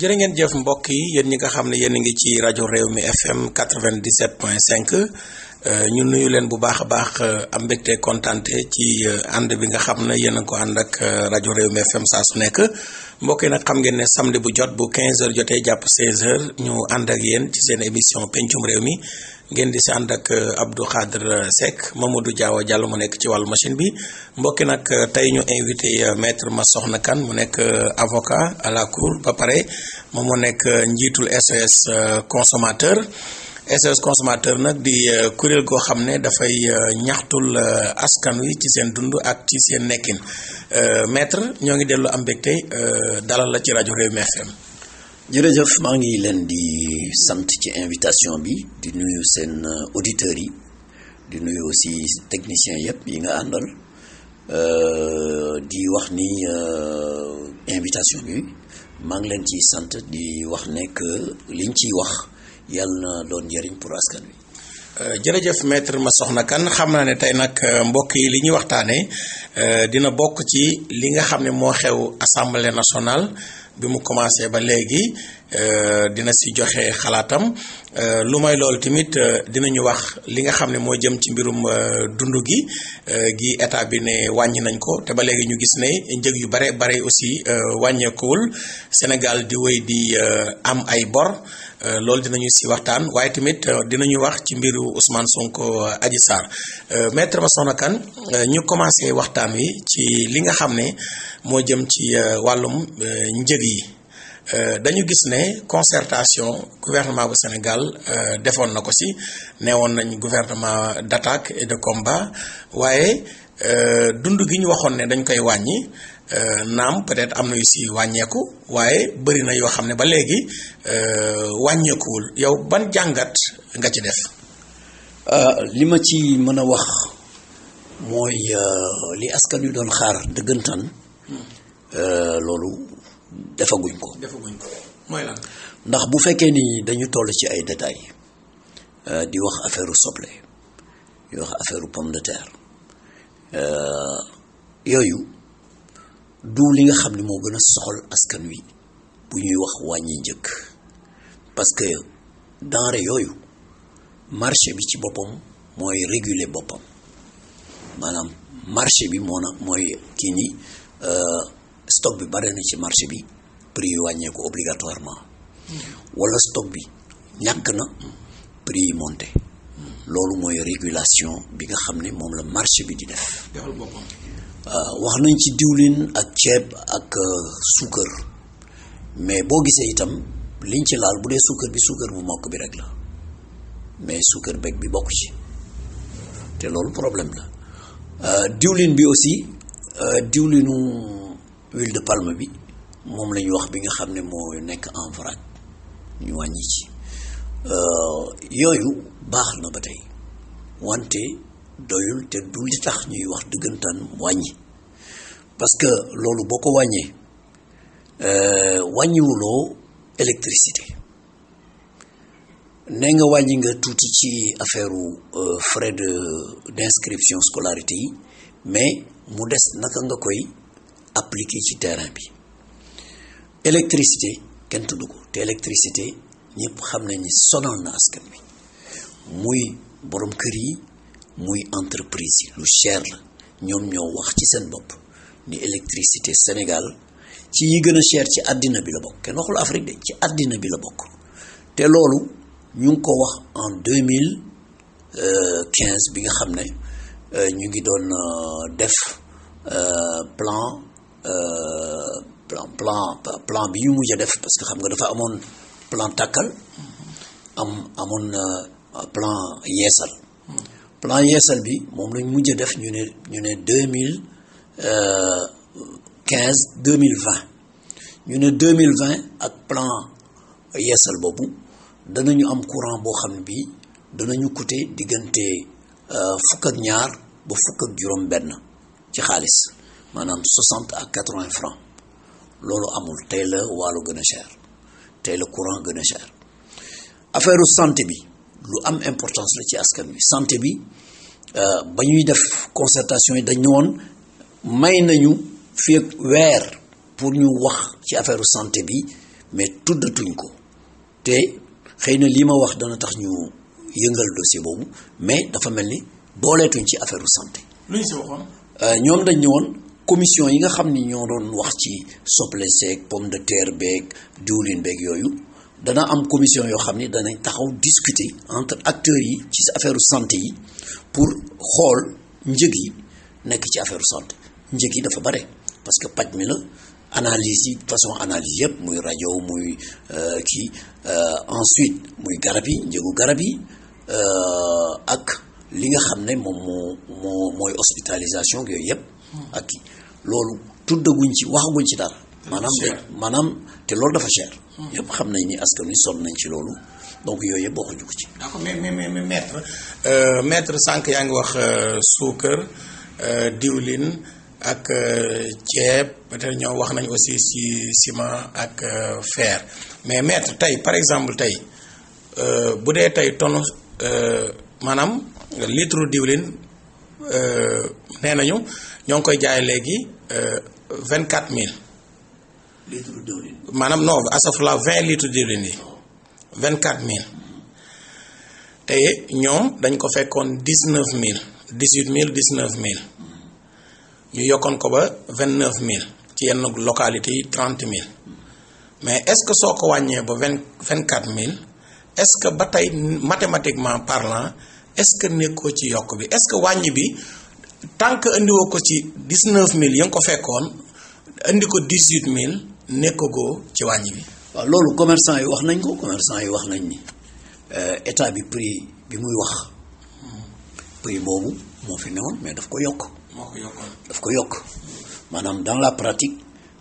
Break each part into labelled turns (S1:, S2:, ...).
S1: jërë ngeen jëf mbokk yi yéen ñi nga xam ne yéen a ngi ci rajo réew mi FM 97.5 Euh, ñu nuyu leen bu baax a baax euh, am mbégte kontante ci euh, ànd bi nga xam ne yéen a ko ànd ak rajo Rewmi FM saa su nekk mbokki nag xam ngeen ne samedi bu jot bu 15h jotee jàpp 16h ñu ànd ak yéen ci seen émission pencum réew mi ngeen di si ànd ak Abdou moom Seck Mamadou Diawa Diallo mu nekk ci wàllu machine bi mbokk yi nag tey ñu invité ma soxna kan mu nekk avoca à ba pare moom mu nekk njiitul SOS consomateur SOS consommateur nag di euh, kuréel goo xam ne dafay euh, ñaxtul euh, askan wi ci seen dund ak ci seen nekkin maître ñoo ngi dellu am mbégte dalal la ci rajo Rewmi FM.
S2: jërëjëf maa ngi leen di sant ci invitation bi di nuyu seen auditeurs yi di nuyu aussi techniciens yëpp yi nga àndal di wax ni invitation bi maa ngi leen ci sant
S1: di wax ne que liñ ciy wax. yàlla na doon njëriñ pour askan wi. Euh, jërëjëf ma soxna kan xam naa ne tey nag euh, mbokk yi li ñuy waxtaanee euh, dina bokk ci li nga xam ne moo xew assemblée nationale bi mu commencé ba léegi dina si joxe xalaatam lu may loolu tamit dina ñu wax li nga xam ne moo jëm ci mbirum dund gi gi état bi ne wàññi nañ ko te ba léegi ñu gis ne njëg yu bare bare aussi wàññeekuwul Sénégal di wéy di am ay bor. Euh, loolu dinañu si waxtaan waaye tamit euh, dinañu wax ci mbiru Ousmane Sonko euh, aji Sarr maître Massokhna Kane ñu commencé waxtaan wi ci li nga xam ne moo jëm ci wàllum njëg yi. dañu gis ne consertation gouvernement bu Sénégal defoon na ko si neewoon nañ gouvernement d'attaque et de combat waaye dund gi ñu waxoon ne dañ koy wàññi Euh, naam peut-être am na yu si wàññeeku waaye bëri na yoo xam ne ba léegi euh, wàññeekuwul yow ban jàngat nga ci def. Euh, li ma ci mën a wax mooy li askan wi
S2: doon xaar dëggantaan loolu defaguñ ko. defaguñ ko mooy lan. ndax bu fekkee ni dañu toll ci ay détails di wax affaire soble di wax affaire pomme de terre yooyu. du li nga xam ne moo gën a soxal askan wi bu ñuy wax wàññi njëkk parce que denrée yooyu marché bi ci boppam mooy réguler boppam maanaam marché bi moo na mooy kii ni euh, stock bi bare na ci marché bi prix yi wàññeeku obligatoirement mm-hmm. wala stock bi ñàkk na prix yi monté mm-hmm. loolu mooy régulation bi nga xam ne moom la marché bi di def Euh, wax nañ ci diwlin ak ceeb ak euh, suukar mais boo gisee itam liñ ci laal bu dee suukar bi suukar bu mokk bi rek la mais suukar beeg bi bokk ci te loolu problème la euh, diwlin bi aussi diwlinu huile de palme bi moom la ñu wax bi nga xam ne moo nekk en vrac ñu wàññi ci yooyu baax na ba tey wante doyul te du li tax ñuy wax dëggantaan wàññi parce que loolu boo ko wàññee euh, wàññiwuloo électricité ne nga wàññi nga tuuti ci affaire euh, frais de d'inscription scolarité yi mais mu des naka nga koy appliquer ci terrain bi électricité kenn tudd ko te électricité ñëpp xam nañ ni sonal na askan bi muy borom kër yi muy entreprise yi lu cher la ñoom ñoo wax ci seen bopp ni électricité Sénégal ci yi gën a cher ci àddina bi la bokk kenn waxul Afrique de ci àddina bi la bokk te loolu ñu ngi ko wax en deux mille euh, quinze bi nga xam ne euh, ñu ngi doon euh, def plan plan plan plan bi ñu mujj a def parce que xam nga dafa amoon plan takkal am amoon plan yeesal plan yeesal bi moom lañ mujjee def ñu ne ñu ne deux mille euh, quinze deux mille vingt ñu ne deux mille vingt ak plan yeesal boobu danañu am courant boo xam ne bii danañu coûter diggante euh, fukk ak ñaar ba fukk ak juróom-benn ci xaalis maanaam soixante ak quatre-vingts francs loolu amul tey la waalo gën a cher tey la courant gën a cher affaire santé bi. lu am importance la ci askan wi santé bi euh, ba ñuy def concertation yi dañu woon may nañu feeg weer pour ñu wax ci affaire santé bi mais tuddatuñ ko te xëy na lii ma wax dana tax ñu yëngal dossier boobu mais dafa mel ni booleetuñ ci affaire santé.
S1: lu euh,
S2: ñoom dañ ñëwoon commission yi nga xam ni ñoo doon wax ci soble seeg pomme de terre beeg diwlin beeg yooyu. dana am commission yoo xam ni danañ taxaw discuter entre acteurs yi ci affaire santé yi pour xool njëg yi nekk ci affaire santé njëg yi dafa bare parce que paj mi la analyse yi façon analyse yëpp muy rajo muy euh, kii euh, ensuite muy garab yi njëgu garab yi euh, ak li nga xam ne moom moo mooy hospitalisation yooyu yëpp ak loolu tuddaguñ ci waxaguñ ci dara maanaam maanaam te loolu dafa cher
S1: yëpp xam nañ ni askan wi sonn nañ ci loolu donc yooyu yëpp waxuñu ko ci. d'accord mais mais mais maître euh, maître sànq yaa ngi wax euh, suukar euh, diwlin ak ceeb peut-être ñoo wax nañ aussi ci ciment ak fer mais maître tey par exemple tey bu dee tey tonne maanaam litre diwlin nee nañu ñoo ngi koy jaay léegi vingt-quatre mille. litre diwlin. maanaam non asafla vingt litres diwlin yi vingt quatre mille te ñoom dañ ko fekkoon dix neuf mille dix huit mille dix neuf mille ñu yokkoon ko ba vingt neuf mille ci yenn localité yi trente mille mais est-ce que soo ko wàññee ba vingt vingt quatre mille est-ce que ba tey mathématiquement parlant est-ce que nekkoo ci yokk bi est-ce que wàññi bi tant que indiwoo ko ci dix neuf mille ya nga ko fekkoon indi ko dix huit mille ko ci wàññi bi. waaw
S2: loolu commercant yi wax nañ ko commerçant yi wax nañ ni euh, état bi prix bi muy wax prix boobu moo fi newoon mais daf ko yokk. moo yokk daf ko yokk maanaam dans la pratique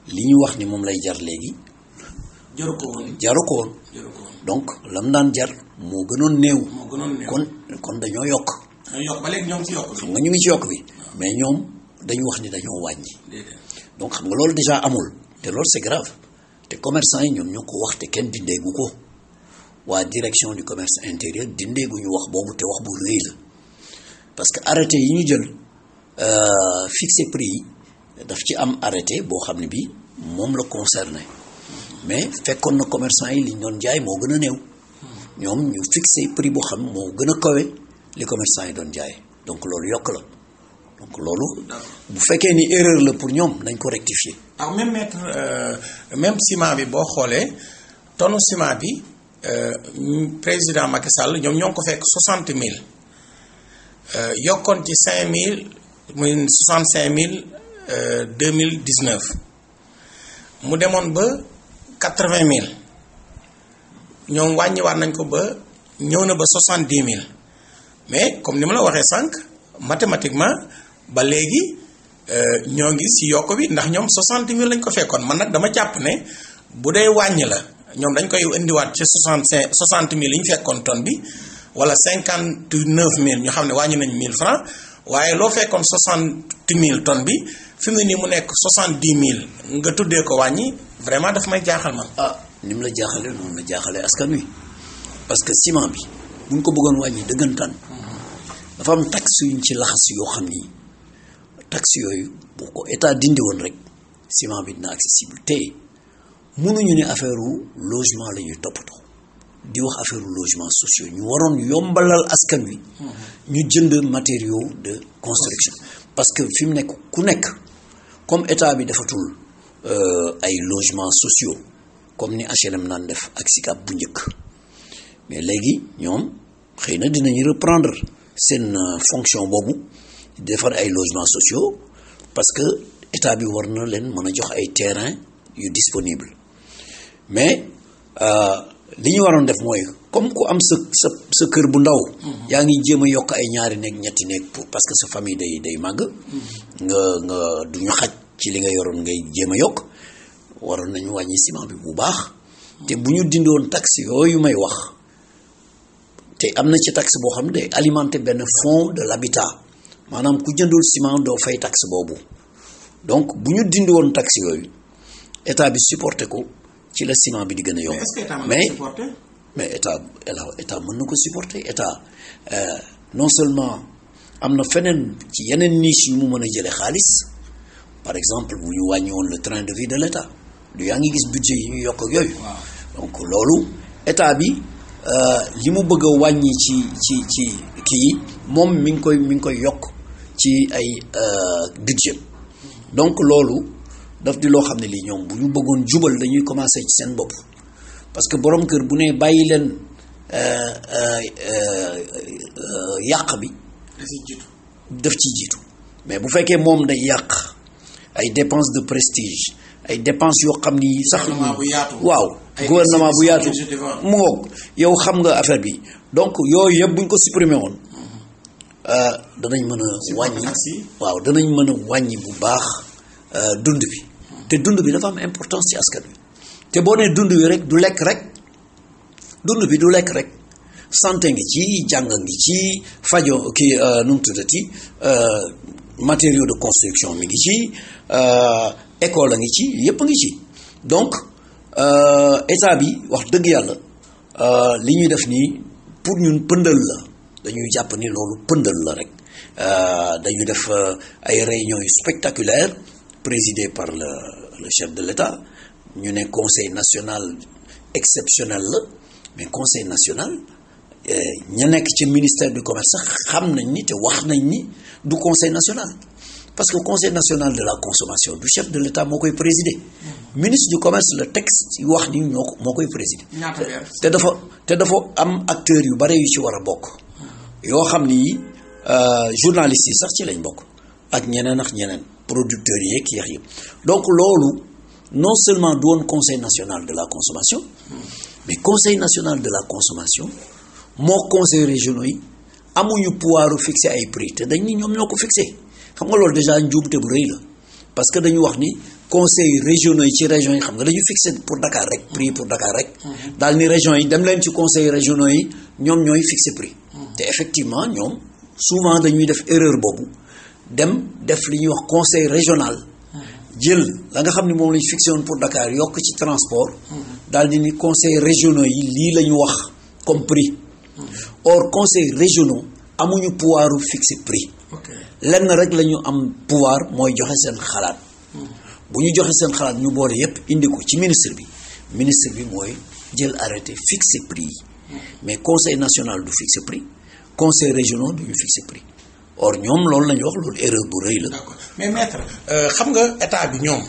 S2: li ñu wax ni moom lay jar léegi. jaru ko woon jaru donc lam daan jar moo gënoon néew. moo gënoon néew kon kon dañoo yokk. dañoo yokk ba léegi ñoom yokk. xam nga ñu ngi ci yokk bi mais ñoom dañu wax ni dañoo wàññi. donc xam nga loolu déjà amul. te loolu c'est grave te commerçant yi ñoom ñoo ko wax te kenn dindeegu ko waa direction du commerce intérieur dindeegu ñu wax boobu te wax bu rëy la parce que arrêté yi ñu jël euh, fixé prix yi daf ci am arrêté boo xam ne bi moom la concerné mais fekkoon na commerçant yi liñ doon jaay moo gën a néew ñoom ñu fixé prix boo xam moo gën a kawe li commerçant yi doon jaay donc loolu yokk la donc loolu bu fekkee ni erreur
S1: la pour ñoom nañ ko rectifier alors même mètre euh, même ciment bi boo xoolee tonne ciment bi euh, président Macky Sall ñoom ñoo ko fekk soixante mille euh, yokkoon ci cinq mille muy soixante cinq mille deux mille dix neuf mu demoon ba quatre vingt mille ñoom wàññi waar nañ ko ba ñëw na ba soixante dix mille mais comme ni ma la waxee sànq mathématiquement ba léegi. Euh, ñoo ngi si yokk bi ndax ñoom 60 mille lañ ko fekkoon man nag dama jàpp ne bu dee wàññi la ñoom dañ koy indiwaat ci 65 60 mille yi ñu fekkoon ton bi wala 59 mille ñu xam ne wàññi nañ mil francs waaye loo fekkoon 60 mille tonne bi fi mu nii mu nekk 70 mille nga tuddee ko wàññi vraiment daf may jaaxal man. ah ni mu la jaaxalee noonu la jaaxalee askan wi parce que ciment bi bu ngi ko bëggoon wàññi dëggantaan mm-hmm.
S2: dafa mu taxe yu ci laxas yoo xam ni. taxe yooyu bu ko état dindi woon rek ciment bi dina accessible te mënuñu ni affaire logement la ñuy toppatoo di wax affaire logement sociaux ñu waroon yombalal askan wi. Mm-hmm. ñu jënd matériaux de construction. parce que fi mu nekk ku nekk comme état bi defatul euh, ay logements sociaux comme ni HLM naan def ak SICAP bu njëkk mais léegi ñoom xëy na dinañu reprendre seen euh, fonction boobu. defar ay logements sociaux parce que état bi war na leen mën a jox ay terrain yu disponible mais euh, li ñu waroon def mooy comme ku am sa sa sa kër bu ndaw mhm. yaa ngi jéem a yokk ay ñaari néeg ñetti néeg pour parce que sa famille day day màgg mhm. nga nga du ñu xaj ci li nga yoroon ngay jéem a yokk waroon nañu wàññi ciment bi bu baax te bu ñu dindoon taxe yooyu may wax te am na ci tax boo xam ne day alimenter benn fonds de l'habitat maanaam ku jëndul ciment doo fay taxe boobu donc bu ñu dindi woon taxe yooyu état bi supporté ko ci la ciment bi di gën a yomb. mais mais état état mën na ko supporter état euh, non seulement am na feneen ci yeneen niche yu mu mën a jëlee xaalis par exemple bu ñu wàññi woon le train de vie de l' yaa ngi gis budget yi ñu yokk ak yooyu. donc loolu état bi euh, li mu bëgg wàññi ci ci ci kii moom mi ngi koy mi ngi koy yokk. ci ay euh, budget donc loolu daf di loo xam ne lii ñoom bu ñu bëggoon jubal dañuy commencé ci seen bopp parce que borom kër bu ne bàyyi leen euh, euh, yàq bi def ci jiitu mais bu fekkee moom day yàq ay dépenses de prestige ay dépenses yoo xam ni sax waaw gouvernement bu yaatu mu ngoog yow xam nga affaire bi donc yooyu yëpp bu ñu ko supprimer woon Euh, danañ mën a wàññi waaw danañ mën a wàññi bu baax euh, dund bi te dund bi dafa am importance ci askan bi te boo nee dund bi rek du lekk rek dund bi du lekk rek santé ngi ci jàng ngi ci fajo ki euh, nu mu tuddati matériaux de construction mi ngi ci école a ngi ci yépp ngi ci donc état bi wax dëgg yàlla li ñuy def nii pour ñun pëndal la dañuy jàpp ni loolu pëndal la rek euh, dañu def euh, ay réunions yu spectaculaires par le le chef de l'État ñu ne conseil national exceptionnel la mais conseil national euh, ña nekk ci ministère du commerce sax xam nañ ni te wax nañ ni du conseil national parce que conseil national de la consommation du chef de l'État moo koy présider ministre du commerce la texte yu wax ni ñoo ko moo koy présider te dafa te dafa am acteurs yu bare yu ci war a bokk yoo xam ni euh, journalistes yi sax ci lañ bokk ak ñeneen ak ñeneen producteurs yeeg yeex yëpp donc loolu non seulement du woon conseil national de la consommation mais conseil national de la consommation moo conseil régionaux yi amuñu pouvoir fixer ay prix te ni ñoom ñoo ko fixé xam nga loolu déjà njuumte bu rëy la parce que dañu wax ni conseil régionaux yi ci régions yi xam nga dañu fixé pour Dakar rek prix pour Dakar rek daal ni régions yi dem leen ci conseil régionaux yi ñoom ñooy fixé prix te effectivement ñoom souvent dañuy def erreur boobu dem def li ñuy wax conseil régional jël la nga xam ne moom la ñu fixé pour Dakar yokk ci transport daal di ni conseil régionaux yi lii la ñu wax comme prix or conseil régionau amuñu pouvoiru fixer prix lenn rek la ñu am pouvoir mooy joxe seen xalaat bu ñu joxe seen xalaat ñu boole yépp indi ko ci ministre bi ministre bi mooy jël arrêté fixer prix yi mais conseil national du fixe prix conseil régional
S1: du ñu fixe prix or ñoom loolu la ñu wax loolu erreur bu rëy la. d'accord mais maître euh, xam nga état bi ñoom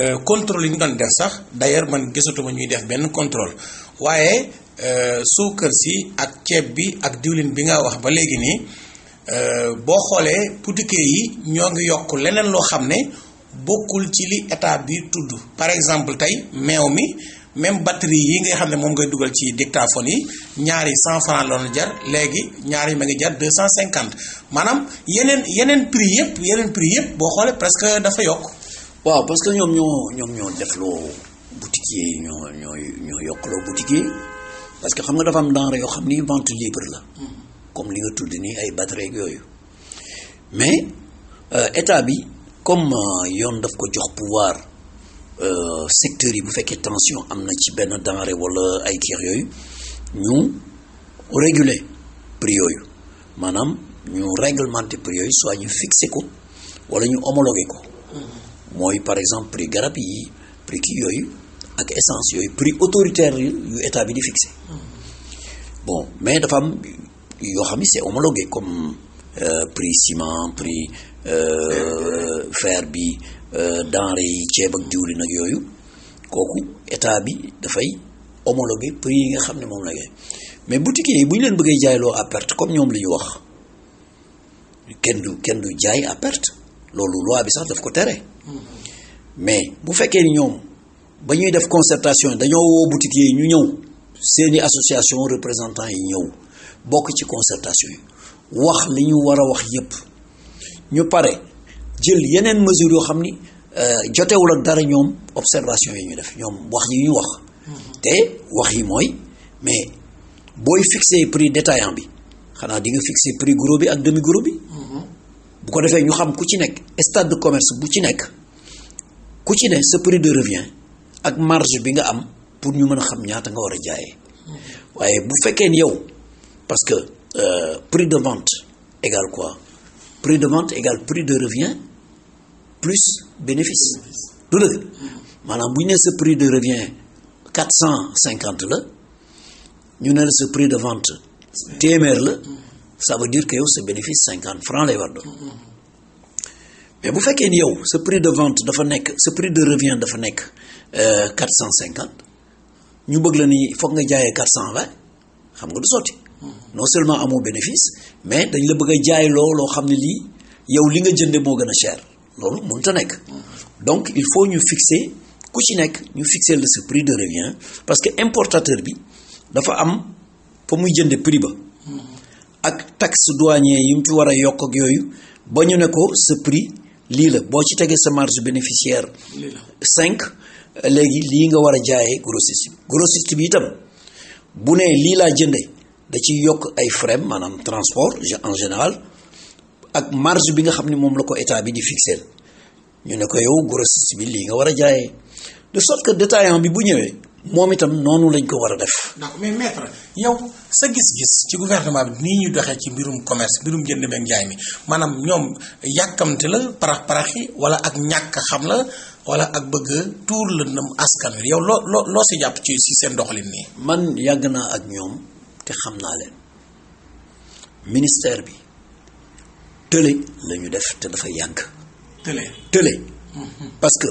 S1: euh, contrôle yi ñu doon def sax d'ailleurs man gisatuma ñuy def benn contrôle waaye euh, suukar si ak ceeb bi ak diwlin bi nga wax ba léegi nii euh, boo xoolee boutiquiers yi ñoo ngi yokk leneen loo xam ne bokkul ci li état bi tudd par exemple tey meew mi. même batterie yi nga xam ne moom ngay dugal ci dictaphone yi ñaari cent franc la doon jar léegi ñaari ma ngi jar deux cent cinquante maanaam yeneen yeneen prix yëpp yeneen prix yëpp boo xoolee presque dafa yokk. waaw parce que ñoom ñoo ñoom ñoo defloo boutiquier yi ñoo ñoo ñoo yokkloo
S2: boutiquier parce que xam nga dafa am denrée yoo xam ni vente libre la. Hmm. comme li nga tudd nii ay batterie ak yooyu mais euh, état bi comme euh, yoon daf ko jox pouvoir. Euh, secteurs yi bu fekkee tension am na ci benn denrée wala ay kii yooyu ñu réguler prix yooyu maanaam ñu réglementer prix yooyu soit ñu fixer ko wala ñu homologuer ko mm-hmm. mooy par exemple prix garab yi prix kii yooyu ak essence yooyu pris autoritaire yu état bi di fixé mm-hmm. bon mais dafa am yoo xam ni c'est homologué comme euh, prix ciment prix euh, fer bi Euh, denrées yi ceeb ak diwlin nag yooyu kooku état bi dafay homologué prix yi nga xam ne moom la mais boutique yi bu ñu leen bëggee jaayloo à perte comme ñoom li ñu wax kenn du kenn du jaay à loolu loi bi sax daf ko tere mais bu fekkee ni ñoom ba ñuy def concertation dañoo woo boutique yi ñu ñëw seeni association représentant yi ñëw bokk ci concertation yi wax li ñu war a wax yépp ñu pare jël yeneen mesures yoo xam ni euh, jotewul ak dara ñoom observation yi ñu def ñoom wax yi ñu wax te wax yi mooy mais booy fixé prix détaillant bi xanaa di nga fixé prix gros bi ak demi gros bi bu ko defee ñu xam ku ci nekk stade de commerce bu ci nekk ku ci ne sa prix de revient ak marge bi nga am pour ñu mën a xam ñaata nga war a jaayee waaye bu fekkee ni yow parce que euh, prix de vente égal quoi prix de vente égale prix de revient plus bénéfice du dëgg maanaam bu ñu nee sa prix de revient quatre cent cinquante la ñu ne la sa prix de vente téeméer la ça veut dire que yow sa bénéfice cinquante franc lay war doon mais bu fekkee ni yow sa prix de vente dafa nekk sa prix de revient dafa nekk euh, quatre cent cinquante ñu bëgg la ni foog nga jaayee quatre cent vingt xam nga du sotti non seulement amoo bénéfice mais dañ la bëgg a jaay loo loo xam ne lii yow li nga jënde moo gën a cher loolu mënta nekk donc il faut ñu fixer ku ci nekk ñu fixer la sa prix de revient parce que importateur bi dafa am fa muy jënde prix ba ak taxe douanier yi mu fi war a yokk ak yooyu ba ñu ne ko sa prix lii la boo ci tegee sa marge bénéficiaire cinq léegi lii nga war a jaayee grossiste bi bi itam bu ne lii laa jënde da ciy yokk ay frais maanaam transport en général ak marge bi nga xam ne moom la ko état bi di fixer ñu ne ko yow grossiste bi lii nga war a jaayee de sorte que détaillant bi bu ñëwee moom itam noonu lañ ko war
S1: a def. d'accord mais yow sa gis-gis ci gouvernement bi nii ñu doxee ci mbirum commerce mbirum jënd beeg jaay mi maanaam ñoom yàkkamte la parax parax yi wala ak ñàkk xam la wala ak bëgg a tuur la ndam askan wi yow loo loo si jàpp ci si seen doxalin nii. man yàgg naa ak ñoom te xam naa leen ministère bi.
S2: tële la ñu def te dafa yàgg. tële tële. Mhm. parce que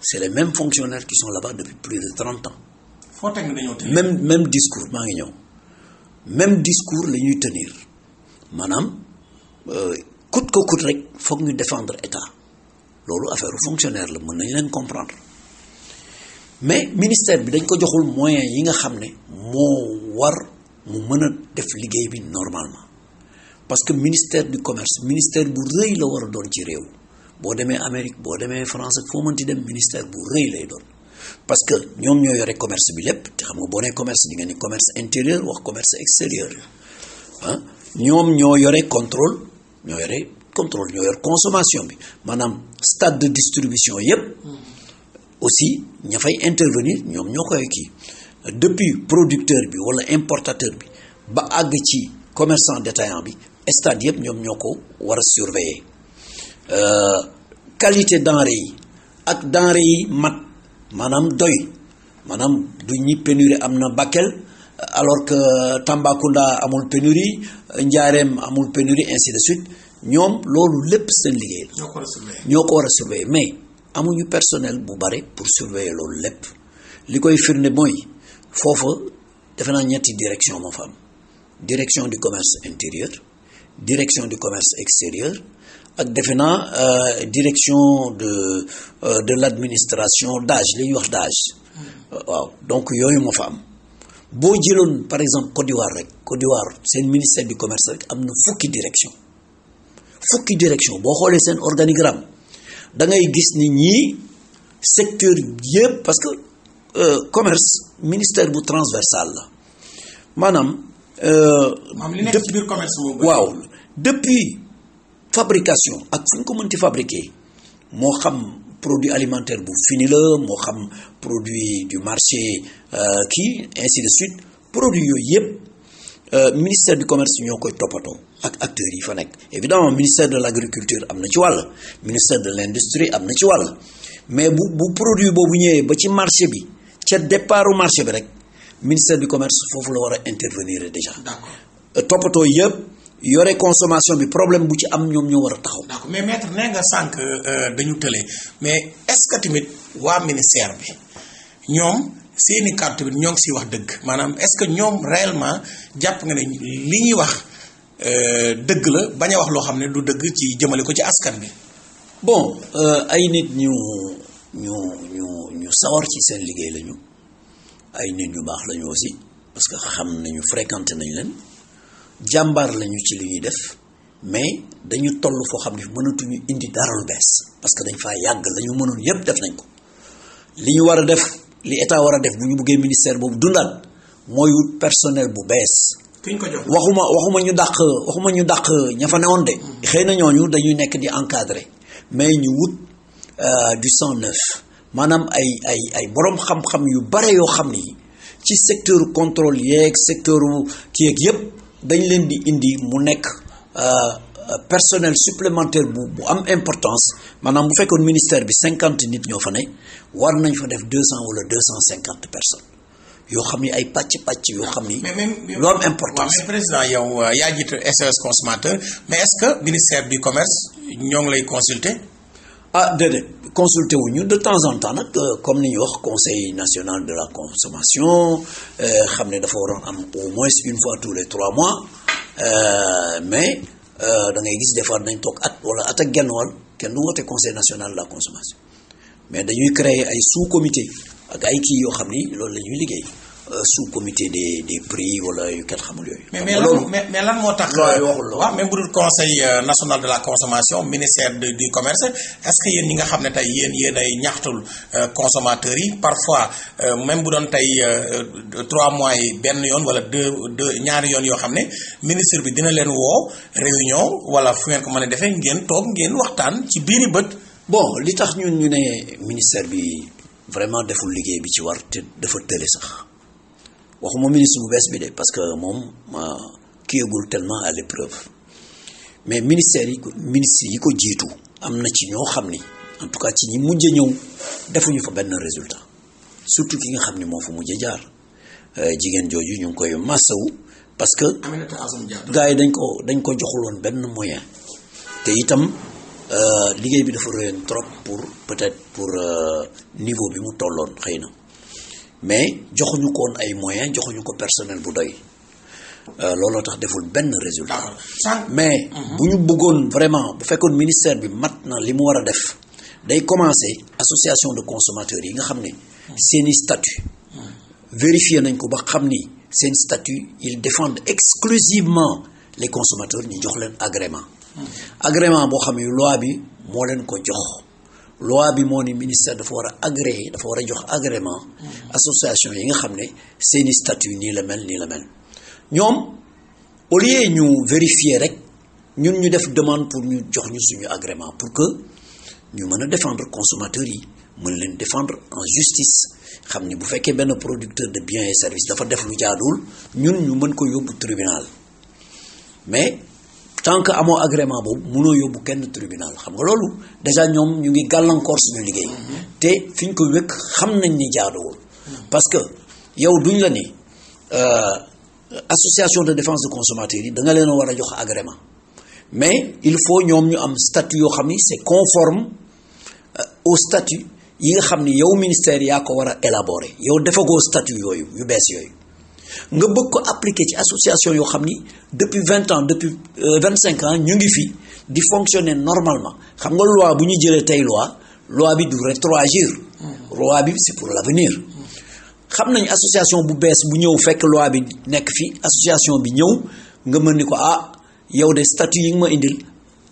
S2: c' est les mêmes fonctionnaires qui son là-bas depuis plus de trente ans. foo teg dañoo tële même même discours maa ngi ñëw même discours la ñuy tenir maanaam euh, coûte ko coûte rek foog ñu défendre état loolu affaire fonctionnaire la mën nañu leen comprendre. mais ministère bi dañ ko joxul moyen yi nga xam ne moo war mu mën a def liggéey bi normalement parce que ministère du commerce ministère bu rëy la war a doon ci réew boo demee Amérique boo demee France ak foo mënti dem ministère bu rëy lay doon parce que ñoom ñoo yore commerce bi lépp te xam nga boo nee commerce di nga ni commerce intérieur wax commerce extérieur ah, ñoom ñoo yore contrôle ñoo yore contrôle ñoo yor consommation bi maanaam stade de distribution yépp aussi ña fay intervenir ñoom ñoo koy kii depuis producteur bi walla importateur bi ba àgg ci commerçant détaillant bi stade yëpp ñoom ñoo ko war a surveiller euh, qualité denrée yi ak denrée yi mat maanaam doy maanaam du ñi pénurie am na Bakel alors que Tambacounda amul pénurie Njaareem amul pénurie ainsi de suite ñoom loolu lépp seen liggéey la. ñoo ko war a surveiller mais amuñu personnel bu bare pour surveiller loolu lépp li koy firnde mooy foofa defe naa ñetti direction moo fa am direction du commerce intérieur. direction du commerce extérieur ak defe naa euh, direction de euh, de l' administration DAGE li wax DAGE. Hmm. waaw donc yooyu moo fa am boo jëloon par exemple Côte d'Ivoire rek Côte d'Ivoire seen ministère du commerce rek am na fukki direction fukki direction boo xoolee seen organigramme da ngay gis ni ñi secteur yëpp parce que euh, commerce ministère bu transversal la maanaam. Euh, maanaam li nekk ci biir waaw depuis fabrication ak fu ñu ko mënti fabriquer moo xam produit alimentaire bu fini la moo xam produit du marché euh, kii ainsi de suite produit yooyu yëpp euh, ministère du commerce ñoo koy toppatoo ak acteurs yi fa nekk évidemment ministère de l' agriculture am na ci wàll ministère de l' am na ci wàll mais bu bu produit boobu ñëwee ba ci marché bi ca départu marché bi rek ministère du commerce foofu la war a intervenir déjà. d'accord euh, toppatoo yëpp yore consommation bi problème bu ci am ñoom ñoo war a taxaw.
S1: d'accord mais maître nee nga sànq euh, dañu tële mais est-ce que tamit waa ministère bi ñoom seeni carte bi ñoo ngi siy wax dëgg maanaam est-ce que ñoom réellement jàpp nga ne li ñuy wax euh, dëgg la bañ a wax loo xam ne du dëgg ci jëmale ko ci askan bi. bon ay nit ñu
S2: ñu ñu ñu sawar ci seen liggéey lañu. ay nit ñu baax lañu aussi parce que xam nañu fréquenté nañ leen jàmbaar lañu ci li ñuy def mais dañu toll foo xam ne mënatuñu indi dara lu bees parce que dañ faa yàgg la mënul yëpp def nañ ko li ñu war a def li état war a def bu ñu buggee ministère boobu dundaat mooy wut personnel bu bees. kuñ ko jox waxuma waxuma ñu dàq waxuma ñu dàq ña fa newoon de. Mm-hmm. xëy na ñooñu dañuy nekk di encadrer mais ñu wut euh, du sang neuf. maanaam ay ay ay borom xam-xam yu bare yoo xam ni ci secteur contrôle yeeg secteur kii yeeg yëpp dañ leen di indi mu nekk euh, personnel supplémentaire bu bu am importance maanaam bu fekkoon ministère bi cinquante nit ñoo fa ne war nañ fa def deux cent wala deux cent cinquante personnes yoo xam ni ay
S1: pàcc pàcc yoo xam ni. lu am importance mais président yow euh, yaa jiite SOS consommateur mais est-ce que ministère du commerce ñoo ngi lay consulter. ah déedéet consulté
S2: wu ñu de temps en temps nag euh, comme ni ñu wax conseil national de la consommation euh, xam ne dafa waroon am au moins une fois tous les trois mois euh, mais da ngay gis des fois dañ toog at wala at ak genn wàll kenn du woote conseil national de la consommation mais dañuy créer ay sous comité ak ay kii yoo xam ni loolu la ñuy liggéey. Euh, sous comité des des prix wala yu kenn xamul yooyu. mais
S1: mais mais lan moo tax. loolu waxul loolu waaw même bu dul conseil euh, national de la consommation ministère de du commerce est-ce que yéen ñi nga xam ne tey yéen yéen ay ñaxtul euh, consommateurs yi parfois même bu doon tey trois mois yi benn yoon wala deux deux ñaari yoon yoo xam ne ministre bi dina leen woo réunion wala fu ngeen ko mën a defee ngeen toog ngeen waxtaan ci biiri bët. bon li tax ñun ñu ne
S2: ministère bi vraiment deful liggéey bi ci war te dafa tële sax. waxuma ministre bu bees bi de parce que moom euh, kii yëgul tellement à l'épreuve mais ministère yi ministre yi ko jiitu am na ci ñoo xam ni en tout cas ci ñi mujj ñëw defuñu fa benn résultat surtout ki nga xam ni moo fa mujj jaar euh, jigéen jooju ñu ngi koy massawu parce que gars yi dañ ko dañ ko joxuloon benn moyen te itam euh, liggéey bi dafa rëyoon trop pour peut-être pour niveau bi mu tolloon xëy na mais joxuñu ko ay moyens joxuñu ko personnel bu doy euh, looloo tax deful benn résultat
S1: ah, mais
S2: mhm. bu ñu bëggoon vraiment bu fekkoon ministère bi mat na li mu war a def day commencer association de consommateurs yi nga xam ne mhm. seeni statut mhm. vérifier nañ ko ba xam ni seen statut ils défendent exclusivement les consommateurs ñu jox leen agrément agrément boo xam ne loi bi moo leen ko jox loi bi moo ni ministère dafa war a agréé dafa war a jox agrément association yi nga xam ne seeni statut nii la mel nii la mel ñoom au lieu ñu vérifier rek ñun ñu def demande pour ñu jox ñu suñu agrément pour que ñu mën a défendre consommateurs yi mën leen défendre en justice xam ni bu fekkee benn producteur de biens et services dafa def lu jaaduwul ñun ñu mën ko yóbbu tribunal mais tant que amoo agrément boobu munoo yóbbu kenn tribunal xam nga loolu déjà ñoom ñu ngi gàllankoor suñu liggéey te fi ñu ko wékk xam nañ ni jaaduwul parce que yow duñ la ni euh, association de défense de consommateurs yi da nga leen war a jox agrément mais il faut ñoom ñu am statut yoo xam ni c'est conforme euh, au statu yi nga xam ni yow ministère yaa ko war a élaborer yow defagoo statut yooyu yu bees yooyu nga bëgg ko appliquer ci association yoo xam ni depuis vingt ans depuis euh, vingt cinq ans ñu ngi fi di fonctionner normalement xam nga loi bu ñuy jëlee tey loi loi bi du rétroagir mm. loi bi c'est pour l'avenir xam nañ association bu bees bu ñëw fekk loi bi nekk fi association bi ñëw nga mën ni ko ah yow de statut yi nga ma indil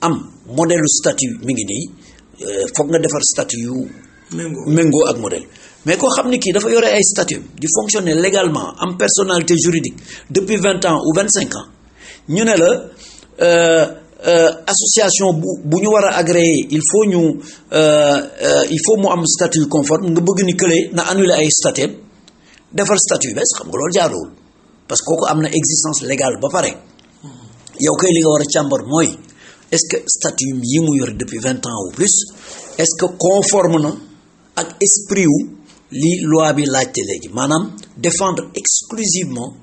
S2: am modèle statut mi ngi nii euh, foog nga defar statu yu méngoo ak modèle mais koo xam ni kii dafa yore ay statut di fonctionner légalment am personalité juridique depuis vingt ans ou vingt cinq ans ñu ne la euh, euh, association bu bu ñu war a agréé il faut ñu euh, il faut mu am statut conforme nga bëgg ni kële na annuler ay statut defar statut bees xam nga loolu jaaduwul parce que kooku am na existence légale ba pare yow kay li nga war a càmbar mooy est-ce que statut yi mu yore depuis vingt ans ou plus est-ce que conforme na ak esprit wu li loi bi laajte léegi maanaam défendre exclusivement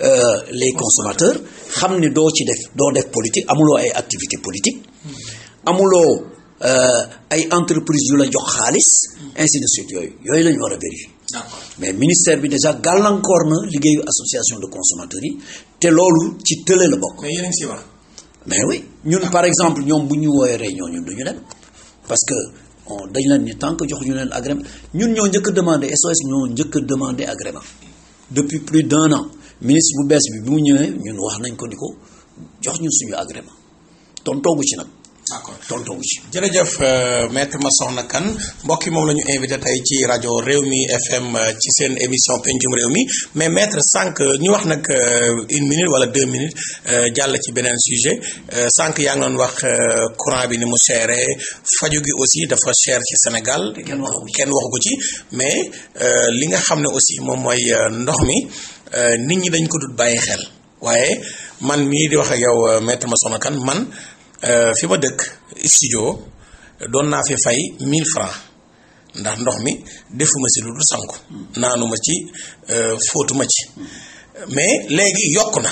S2: euh, les consommateurs xam ni doo ci def doo def politique amuloo ay activité politique amuloo euh, ay entreprise yu la jox xaalis ainsi de suite yooyu yooyu la ñu war a vérifier mais ministère bi déjà gàllankoor na liggéeyu association de consommateurs yi te loolu ci tële la bokk mais yéen ñun par exemple ñoom bu ñuy woowee réunion ñun du ñu dem parce que on dañ leen ni tant que joxuñu neen agrément ñun ñoo njëkk a demandé SOS ñoo njëkk a demandé agrément depuis plus d'un an ministre bu bees bi bi mu ñëwee ñun wax nañ ko ni ko jox ñu suñu agrément ton toogu ci nag d'accord tontowu ci.
S1: jërëjëf euh, maître Massokhna Kane mbokk yi moom la ñu invité tey ci rajo réew mi FM euh, ci seen émission pencum réew mi mais maître sànq ñu wax nag euh, une minute wala deux minutes jàll ci beneen sujet sànq yaa ngi doon wax courant bi ni mu chéré faju gi aussi dafa cher ci Sénégal. kenn waxu ko ci kenn waxu mais li nga xam ne aussi moom mooy ndox mi nit ñi dañ ko dut bàyyi xel waaye man mii di wax ak yow maître Massokhna kan man. Euh, fi ma dëkk studio doon naa fi fay mille francs ndax ndox mi defuma si lu dul sangu naanuma ci euh, fóotuma ci mais léegi yokk na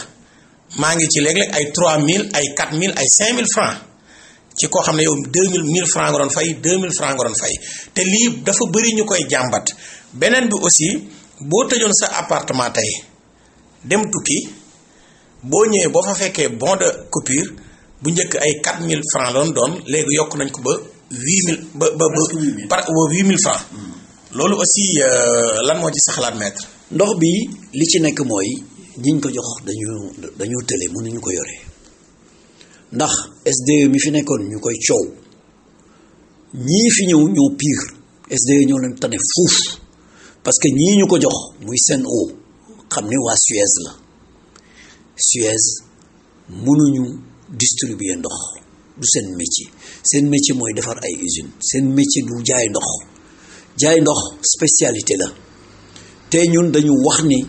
S1: maa ngi ci léeg-léeg ay mille ay mille ay 5000 francs ci koo xam ne yow 2000 1000 francs nga doon fay 2000 francs nga doon fay te lii dafa bëri ñu koy jàmbat beneen bi aussi boo tëjoon sa appartement tey dem tukki boo ñëwee boo fa fekkee bon de bu njëkk ay 4000 mille la doon léegi yokk nañ ko ba 8000. ba ba ba par francs hmm. loolu aussi euh, lan moo ci saxalaat maître. ndox bi li ci nekk
S2: mooy ñiñ ko jox dañu dañu tële mënuñu ko yore ndax SDE mi fi nekkoon ñu koy coow ñii fi ñëw ñoo pire SDE ñoo leen tane fuuf parce que ñii ñu ko jox muy seen o xam ni waa Suez la Suez munuñu distribuer ndox du seen métier seen métier mooy defar ay usine seen métier du jaay ndox jaay ndox spécialité la te ñun dañu wax ni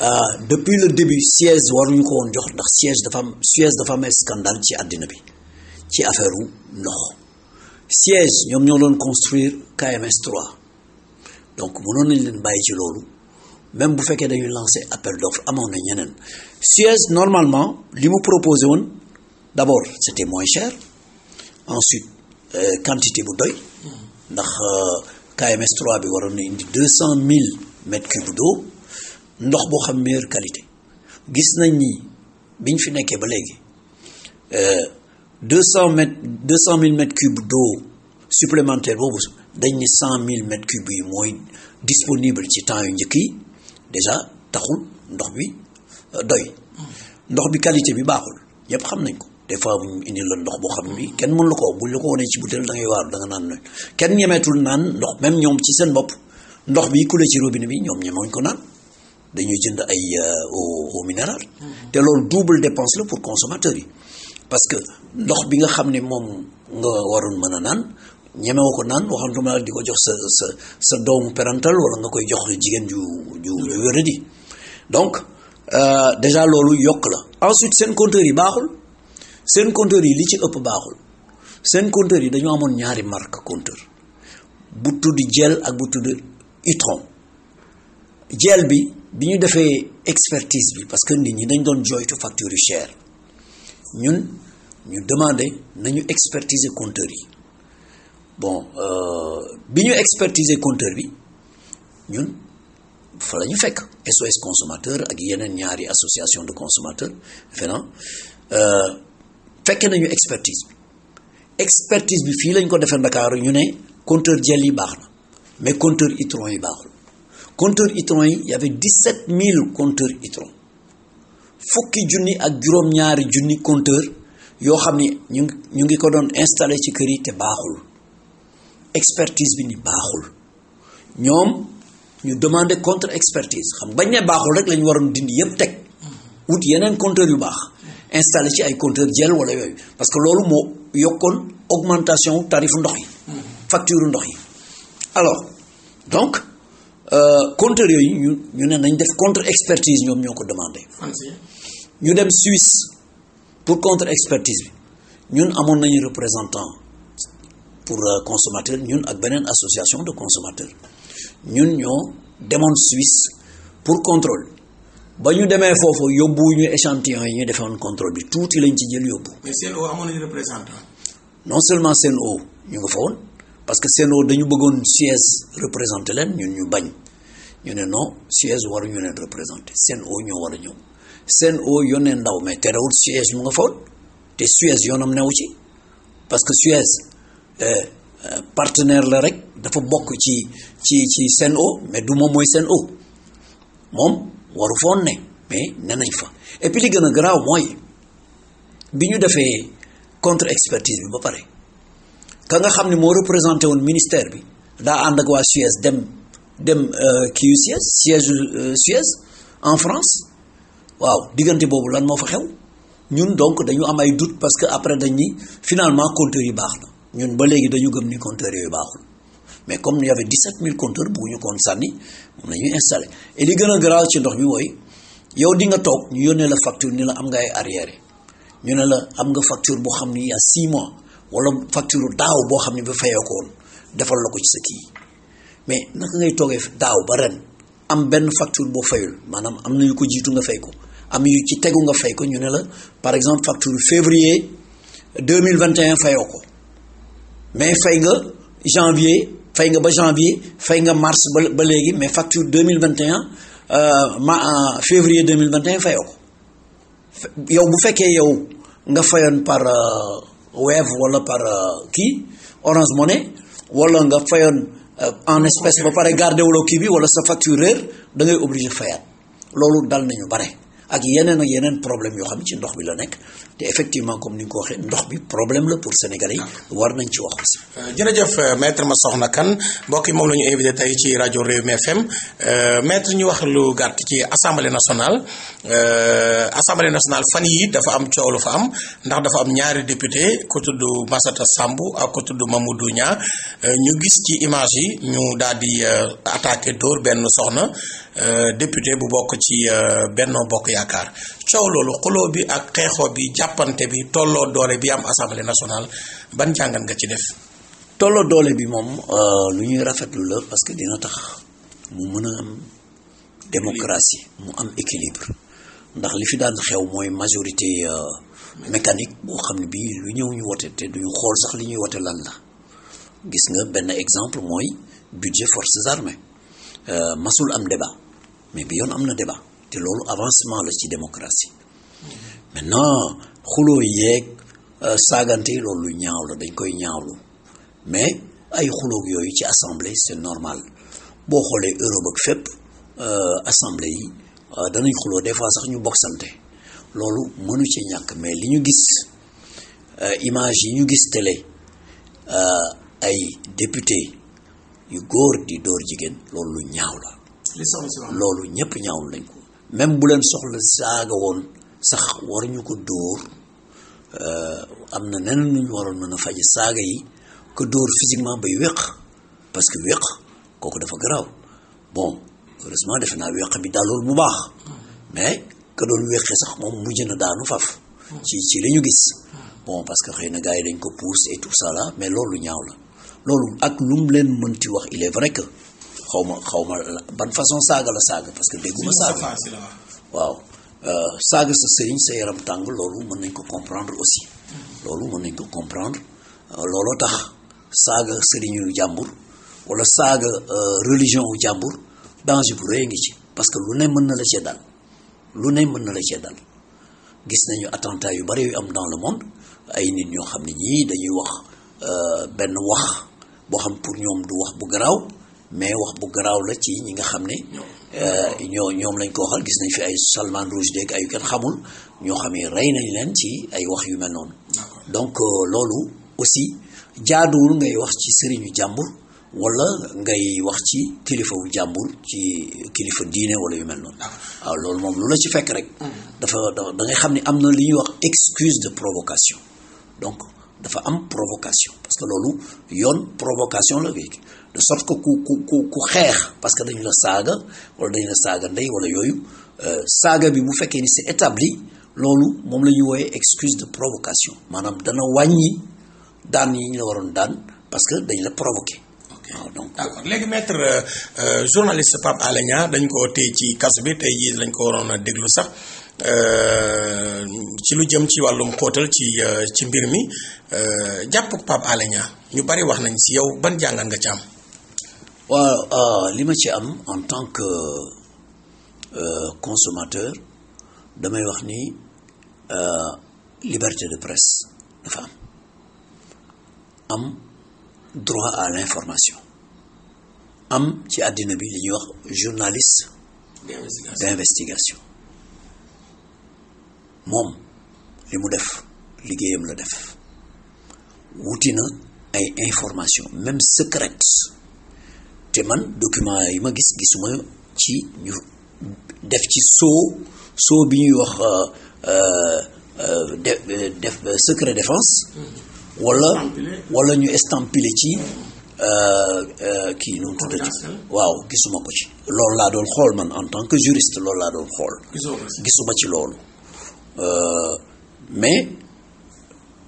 S2: euh, depuis le début Suez waruñu ko woon jox ndax Suez dafa am Suez dafa amee scandale ci àddina bi ci affaire u ndox Suez ñoom ñoo doon construire KMS 3 donc mënoon nañ leen bàyyi ci loolu même bu fekkee dañuy lancer appel d'offre amoon na ñeneen Suez normalement li mu proposé woon d'abord c'était moins cher ensuite euh, quantité bu doy ndax euh, KMS 3 bi waroon na indi deux cent mille mètres cubes d'eau ndox boo xam meilleure qualité gis nañ ni biñ fi nekkee ba léegi euh, deux cent mètres deux cent mille mètres cubes d'eau supplémentaire boobu dañ ni cent mille mètres cubes yi mooy disponible ci temps yu njëkk yi déjà taxul ndox bi doy ndox bi qualité bi baaxul ñëpp xam nañ ko des fois bu ñu indi la ndox boo xam ni kenn mënu la ko buñ la ko wanee ci butéel da waaru da naan noonu kenn ñemeetul naan ndox même ñoom ci seen bopp ndox bi coulé ci robinet bi ñoom ñemewuñ ko naan dañuy jënd ay euh, eau minérale mm-hmm. te loolu double dépense la pour consommateur yi parce que ndox bi nga xam ne moom nga waroon mën a naan ñemewoo ko naan waxantuma la di ko jox sa sa sa doomu parental wala nga koy jox jigéen ju ju ju wéradi mm-hmm. donc euh, déjà loolu yokk seen compteur yi li ci ëpp baaxul seen compteur yi dañoo amoon ñaari marque compteur bu tudd jel ak bu tudd Itron jel bi bi ñu defee expertise bi parce que nit ñi dañ doon joytu facture yu cher ñun ñu demandé nañu expertiser compteur yi bon euh, bi ñu expertiser compteur bi ñun fa la ñu fekk SOS consommateur ak yeneen ñaari association de consommateur vraiment euh, fekke nañu expertise bi expertise bi fii lañ ko defee Ndakaaru ñu ne compteur gel yi baax na mais compteur itron yi baaxul compteur itron yi y avait 17000 compteur itron fukki junni ak juróom-ñaari junni compteur yoo xam ni ñu ñu ngi ko doon installé ci kër yi te baaxul expertise bi ni baaxul ñoom ñu demande contre expertise xam bañ ne baaxul rek lañu waroon dindi yëpp teg wut yeneen compteur yu baax installé ci ay compteur jël wala yooyu parce que loolu moo yokkoon augmentation tarif ndox yi facture ndox yi alors donc euh, compteur yooyu ñu ñu ne nañ def contre expertise ñoom ñoo ko demandé ñu dem Suisse pour contre expertise bi ñun amoon nañu représentant pour euh, consommateur ñun ak beneen association de consommateur ñun ñoo demoon Suisse pour contrôle ba ñu demee foofu yóbbu ñu échantillon yi ñu defoon contrôle bi tuuti lañ ci jël yóbbu.
S1: mais CNO amoon nañu représentant.
S2: non seulement CNO ñu nga fa woon parce que CNO dañu bëggoon siège représenté leen ñun ñu bañ ñu ne non siège waruñu leen représenté o ñoo war a ñëw CNO yónnee ndaw mais terewul siège mu nga fa woon te siège yoonam newu ci parce que siège euh, euh, partenaire la rek dafa bokk ci ci ci CNO mais du moom mooy CNO moom. waru foon ne mais ne nañ fa et puis li gën a garaaw mooy bi ñu defee contre expertise bi ba pare ka nga xam ne moo représenté woon ministère bi daa ànd ak waa Suez dem dem euh, kii Suez siège euh, Suez en France waaw diggante boobu lan moo fa xew ñun donc dañu am ay doute parce que après dañ finalement compteur yi baax la ñun ba léegi dañu gëm ni compteur yooyu baaxul mais comme y avait 17000 compteurs ñu koon sànni moom la ñuy installé et li gën a garaaw ci ndox bi woy yow di nga toog ñu yónnee la facture ni la am nga ay arrière ñu ne la am nga facture boo xam ni y a mois wala facture daaw boo xam ne ba fayoo ko defal la ko ci sa kii mais naka ngay toogee daaw ba ren am benn facture boo fayul maanaam am na yu ko jiitu nga fay ko am yu ci tegu nga fay ko ñu ne la par exemple facture février 2021 fayoo ko mais fay nga janvier fay nga ba janvier fay nga mars ba ba léegi mais facture deux mille vingt et un euh, ma euh, février deux mille vingt et un fayoo ko yow bu fekkee yow nga fayoon par euh, Wave wala par kii Orange Money wala nga fayoon en espèce ba pare gardé wala kii bi wala sa facture réer da ngay obligé fayaat loolu dal nañu bare ak yeneen ak yeneen problème yoo xam ne ci ndox bi la nekk te effectivement comme ni nga ko waxee ndox
S1: bi problème la pour sénégalais yi war nañ ci wax aussi. Euh, jërëjëf euh, maître Massokhna Kane mbokk yi moom la ñu invité tey ci rajo Rewmi FM euh, maître ñu wax lu gàtt ci assemblée nationale assemblée national fan yi dafa am coow lu fa am ndax dafa am ñaari député ku tudd Massata Samb ak ku tudd Mamadou Niang ñu gis ci image yi ñu daal di attaqué dóor benn soxna député bu bokk ci Benno Bokk Yaakaar coow loolu xuloo bi ak xeexoo jàppante bi tolloo doole bi am assemblée nationale ban jàngat nga ci def. tolloo doole bi moom euh, lu ñuy
S2: rafetlu la parce que dina tax mu mën a am démocratie mu am équilibre ndax li fi daan xew mooy majorité euh, mécanique boo xam ne bii lu ñëw ñu wote te ñu xool sax li ñuy wote lan la gis nga benn exemple mooy budget forces armées euh, masul am débat mais bi yoon am na débat te loolu avancement la ci démocratie maintenant xuloo yeeg euh, saagante yi loolu lu ñaaw la dañ koy ñaawlu mais ay xuloog yooyu ci assemblée c'est normal boo xoolee Europe ak fépp euh, assemblée yi euh, danañ xuloo des fois sax ñu bokk sante loolu mënu ci ñàkk mais li ñu gis image yi ñu gis télé ay député yu góor di dóor jigéen loolu lu ñaaw la loolu ñépp ñaawlu lañ ko même bu leen soxla saaga woon sax waruñu ko dóor euh, am na neneen lu ñu waroon mën a faj saaga yi ko dóor physiquement bay wéq parce que wéq kooku dafa garaaw bon heureusement defe naa wéq bi daalool bu baax mais ka doon wéqee sax moom mujj na daanu faf ci ci li ñu gis bon parce que xëy na gars yi dañ ko pousse et tout ça là mais loolu ñaaw la loolu ak lu mu leen mënti wax il est vrai que xaw ma xaw ma ban façon saaga la saaga parce que dégguma saaga waaw Euh, saaga sa sëriñ sa yaram tàng loolu mën nañ ko comprendre aussi loolu mën nañ ko comprendre euh, looloo tax saaga sëriñu jàmbur wala saaga euh, religion wu jàmbur danger bu rëy ngi ci parce que lu ne mën na la cee daal lu ne mën na la cee daal gis nañu attentat yu bari yu am dans le monde ay nit ñoo xam ne ñii dañuy wax benn wax boo xam pour ñoom du wax bu garaaw mais wax bu garaaw la ci ñi nga xam ne Euh, ñoo ñoom lañ ko waxal gis nañ fi ay Salman Rushdie ak ay yu kenn xamul ñoo xam ne rey nañ leen ci ay wax yu mel noonu donc euh, loolu aussi jaaduwul ngay wax ci sëriñu jàmbur wala ngay wax ci kilifa wu jàmbur ci kilifa diine wala yu mel noonu waaw ah, loolu moom lu la ci fekk rek mm-hmm. dafa da ngay xam ni am na li ñuy wax excuse de provocation donc dafa am provocation parce loolu yoon provocation la vécu de sorte que ku ku ku ku xeex parce que dañu la saaga wala dañu la saaga ndey wala yooyu euh, saaga bi bu fekkee ni c'est établi loolu moom la ñuy wooyee excuse de provocation maanaam dana wàññi daan yi ñu la waroon daan
S1: parce que dañ la provoqué. Ah, donc d'accord léegi maître euh, euh, journaliste Pape Alé dañ ko téye ci kaso bi tey jii lañ ko waroon a déglu sax ci lu jëm ci wàllum xóotal ci ci mbir mi jàpp Pape Alé ñu bari wax nañ si yow ban jàngat nga ci am. waaw euh, li ma ci am en tant que euh, consomateur
S2: damay wax ni euh, liberté de presse dafa am am droit à l'information am ci àddina bi li ñuy wax journaliste d'investigation moom li mu def liggéeyam la def wuti na ay information même secrète te man document yi ma gis gisuma ci ñu def ci soo soo bi ñuy wax euh, euh, def def euh, secret défense mm-hmm. wala wala ñu estampillé ci kii nu mu tuddati waaw gisuma ko ci loolu laa doon xool man en tant que jurist loolu laa doon xool gisuma ci loolu mais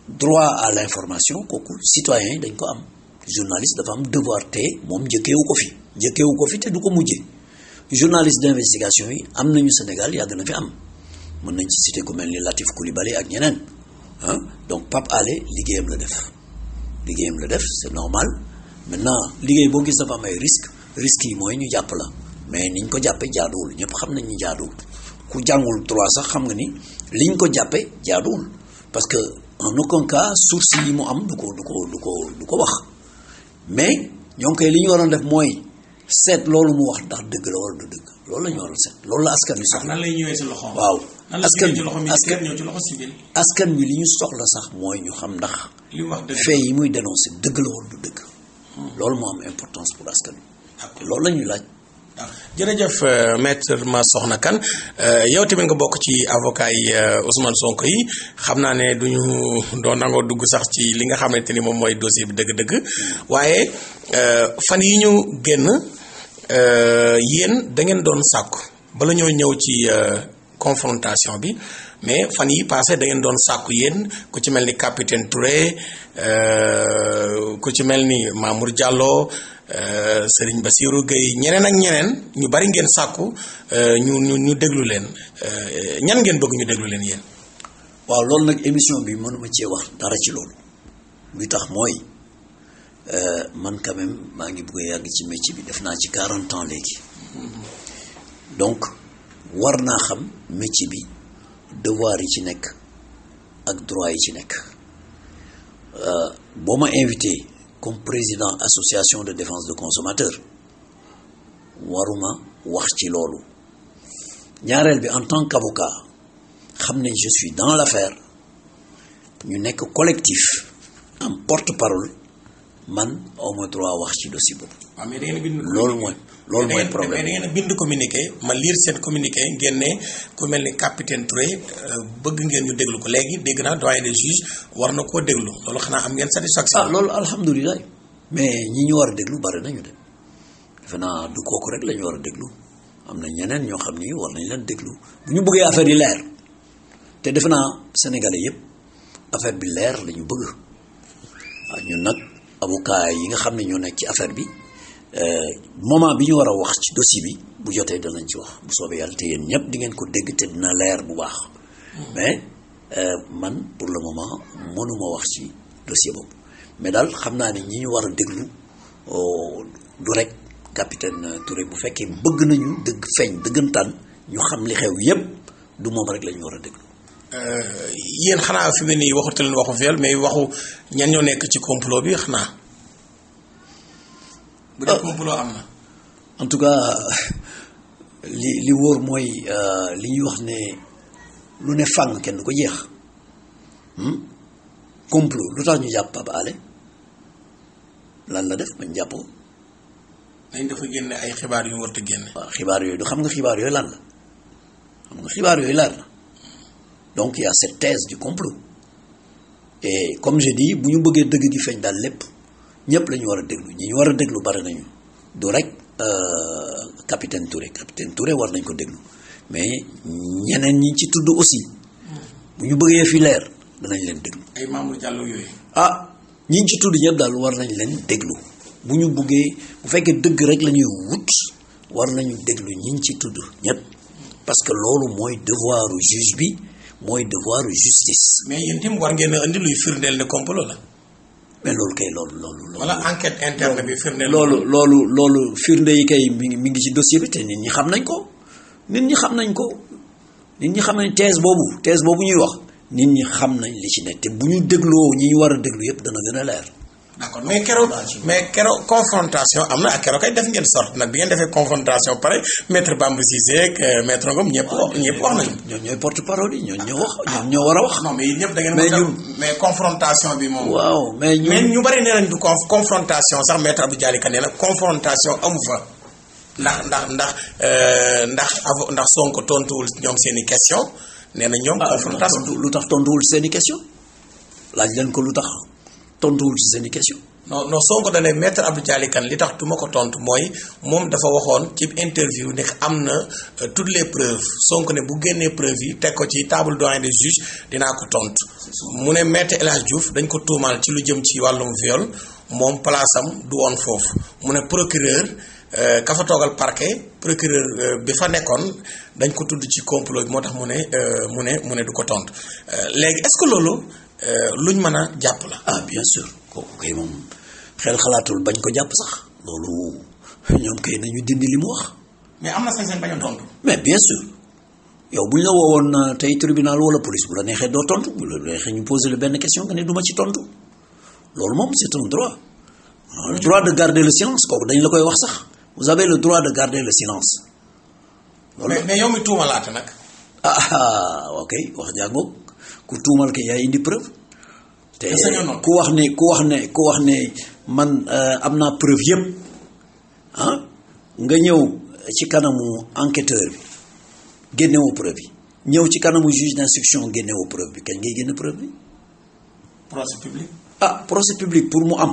S2: droit à l'information kooku citoyen dañ ko am journaliste dafa am devoir te moom njëkkeewu ko fi njëkkeewu ko fi te du ko mujjee journaliste d'investigation yi am na ñu Sénégal yàgg na fi am mën nañ ci citer ku mel ni Latif Coulibaly ak ñeneen donc Pape Alé liggéeyam la def liggéeyam la def c'est normal maintenant liggéey boo gis dafa am ay risques risques yi mooy ñu jàpp la mais niñ ko jàppee jaaduwul ñëpp xam nañ ñu jaaduwul ku jàngul droit sax xam nga ni liñ ko jàppee jaaduwul parce que en aucun cas source yi mu am du ko du ko du ko du ko wax mais ñoo koy li ñu waroon def mooy seet loolu mu wax ndax dëgg la wala du dëgg loolu la ñu waroon seet loolu la askan wi soxla. nan lay ñëwee ci loxoom. waaw askan askan wi li ñu soxla sax mooy ñu xam ndax. li wax dëgg fee yi muy dénoncé dëgg la wala du dëgg. Hmm. loolu moo am importance pour askan wi. loolu la ñuy laaj.
S1: jërëjëf euh, maître Massokhna Kane euh, yow tamit nga bokk ci avocat yi euh, Ousmane Sonko yi xam naa ne duñu doo nangoo dugg sax ci li nga xamante ni moom mooy dossier bi dëgg-dëgg waaye fan yi ñu génn yéen da ngeen doon sàkku bala ñoo ñëw ci confrontation bi mais fan yi passé da ngeen doon sàkku yéen ku ci mel ni capitaine Touré ku ci mel ni Mamour jàlloo Euh, Serigne Bassirou Gueye ñeneen ak ñeneen ñu bari ngeen sàkku euh, ñu ñu ñu déglu leen euh, ñan ngeen bëgg ñu déglu leen yéen. waaw loolu nag émission bi mënuma cee wax dara ci
S2: loolu lu tax mooy man quand maa ngi bëgg yàgg ci métier bi def naa ci quarante ans léegi donc war naa xam métier bi devoir yi ci nekk ak droit yi ci nekk boo ma invité. comme président association de défense de consommateur waruma wax ci loolu ñaareel bi en tant qu'avocat xam ne je suis dans l'affaire ñu nekk collectif
S1: am porte-parole man aw ma droit wax ci dossier boobu. loolu mooy. loolu mooy problème mais da ngeen bind communiqué ma liir seen communiqué ngeen ne ku mel ni capitaine Touré euh, bëgg ngeen ñu déglu ko léegi dégg naa doyen des juges war na koo déglu loolu xanaa am ngeen sa satisfaction. ah loolu alhamdulilah mais ñi ñu war a déglu bari nañu de
S2: defe naa du kooku rek lañu war a déglu am na ñeneen ñoo xam ni war nañ leen déglu bu ñu bëggee affaire yi leer te defe naa sénégalais yëpp affaire bi leer lañu ñu bëgg waaw ah, ñun nag avocat yi nga xam ne ñoo nekk ci affaire bi. Euh, moment bi ñu war a wax ci dossier bi bu jotee danañ ci wax bu soobee yàlla te yéen ñëpp di ngeen ko dégg te dina leer bu baax. mais euh, man pour le moment mënuma wax ci dossier boobu mais daal xam naa ne ñi ñu war a déglu euh, du rek capitaine Touré bu fekkee bëgg nañu dëgg feeñ dëggantaan ñu xam li xew yëpp
S1: du moom rek la war a déglu. yéen xanaa fi mu ne nii waxatu leen waxu viol mais waxu ñan ñoo nekk ci complot bi xanaa. bu dee euh, complot am na. en tout cas li li wóor mooy euh, li ñuy
S2: wax ne lu ne fàng kenn du ko jeex hmm? complot lu tax ñu jàpp Pape Alé lan la def bañ jàppoo. dañ dafa génne ay xibaar yu warut a génne. xibaar yooyu du xam nga xibaar yooyu lan xam nga xibaar yooyu lan la donc il y a cette thèse du complot et comme je dis bu ñu bëggee dëgg gi feeñ daal lépp. ñëpp lañu ñu war a déglu ñi ñu war a déglu bari nañu du rek euh, capitaine Touré capitaine Touré war nañ ko déglu mais ñeneen ñi ci tudd aussi bu ñu bëggee fi leer danañ leen déglu. ay Mamour Diallo yooyu. ah ñi ci tudd ñëpp daal war nañ leen déglu bu ñu buggee bu fekkee
S1: dëgg rek la ñuy wut
S2: war nañu déglu ñi ci tudd ñëpp parce que loolu mooy
S1: devoiru juge bi mooy devoiru justice. mais yéen itam war ngeen a andi luy firndeel ne complot la. mais loolu kay loolu loolu. wala enquête interne bi firnde loolu
S2: loolu loolu firnde yi kay mi ngi mi ngi ci dossier bi te nit ñi xam nañ ko nit ñi xam nañ ko nit ñi xam nañ thèse boobu thèse boobu ñuy wax nit ñi xam nañ li ci ne te bu ñu dégloo ñi
S1: ñu war a déglu yëpp dana gën a leer. d'accord mais keroog mais keroog confrontation am na ak keroog kay def ngeen sorte nag bi ngeen defee confrontation pare maître Bamba Cissé ak euh, maître Ngom ñëpp wax ñëpp wax nañu. ñoom ñooy porte parole yi ñoom ñoo wax ñoom war a wax. non mais ñëpp da ngeen. mais mais confrontation bi moom. mais ñu ñu bari nee nañ du confrontation sax maître Abdou Dialika nee na confrontation amu fa. ndax ndax ndax euh, ndax avo ndax Sonko tontuwul ñoom seen i question nee na ñoom. Ah, confrontation lu tax tontuwul seen i question laaj leen ko lu tax. tontuwul ci seen i question non non Sonko da ne maître Abdou Dialy Kane li tax du ma ko tontu mooy moom dafa waxoon ci interview nekk am na euh, toutes les preuves sonk ne bu génnee preuve yi teg ko ci table doyen des juges dinaa ko tontu. mu ne maître El jouf dañ ko tuumaal ci lu jëm ci wàllum viol moom place am du woon foofu mu ne procureur euh, ka fa toogal parquet procureur euh, bi fa nekkoon dañ ko tudd ci complot moo tax mu ne mu ne mu ne du ko tontu léegi est-ce que loolu. Euh, luñ mën a jàpp la. ah bien sûr kooku kay moom xel xalaatul bañ ko jàpp sax loolu
S2: ñoom kay nañu dindi li mu wax.
S1: mais am na sañ-sañ bañ a tontu.
S2: mais bien sûr yow bu ñu la woowoon euh, tey tribunal wala police bu la neexee doo tontu bu la neexee benn question nga ne ma ci tontu loolu moom c'est un droit. le droit de garder le silence kooku dañ la koy wax sax vous avez le droit de garder le silence. loolu mais mais yow mi nag. Ah, ah ok wax jàngoog. ku tuumal ke yaay indi preuve te ku wax ne ku wax ne ku wax ne man euh, am naa preuve yëpp ah nga ñëw ci kanamu enquêteur bi génnewoo preuve yi ñëw ci kanamu juge d'instruction génnewoo preuve bi kañ ngay génn preuve bi procès public ah procès public pour mu am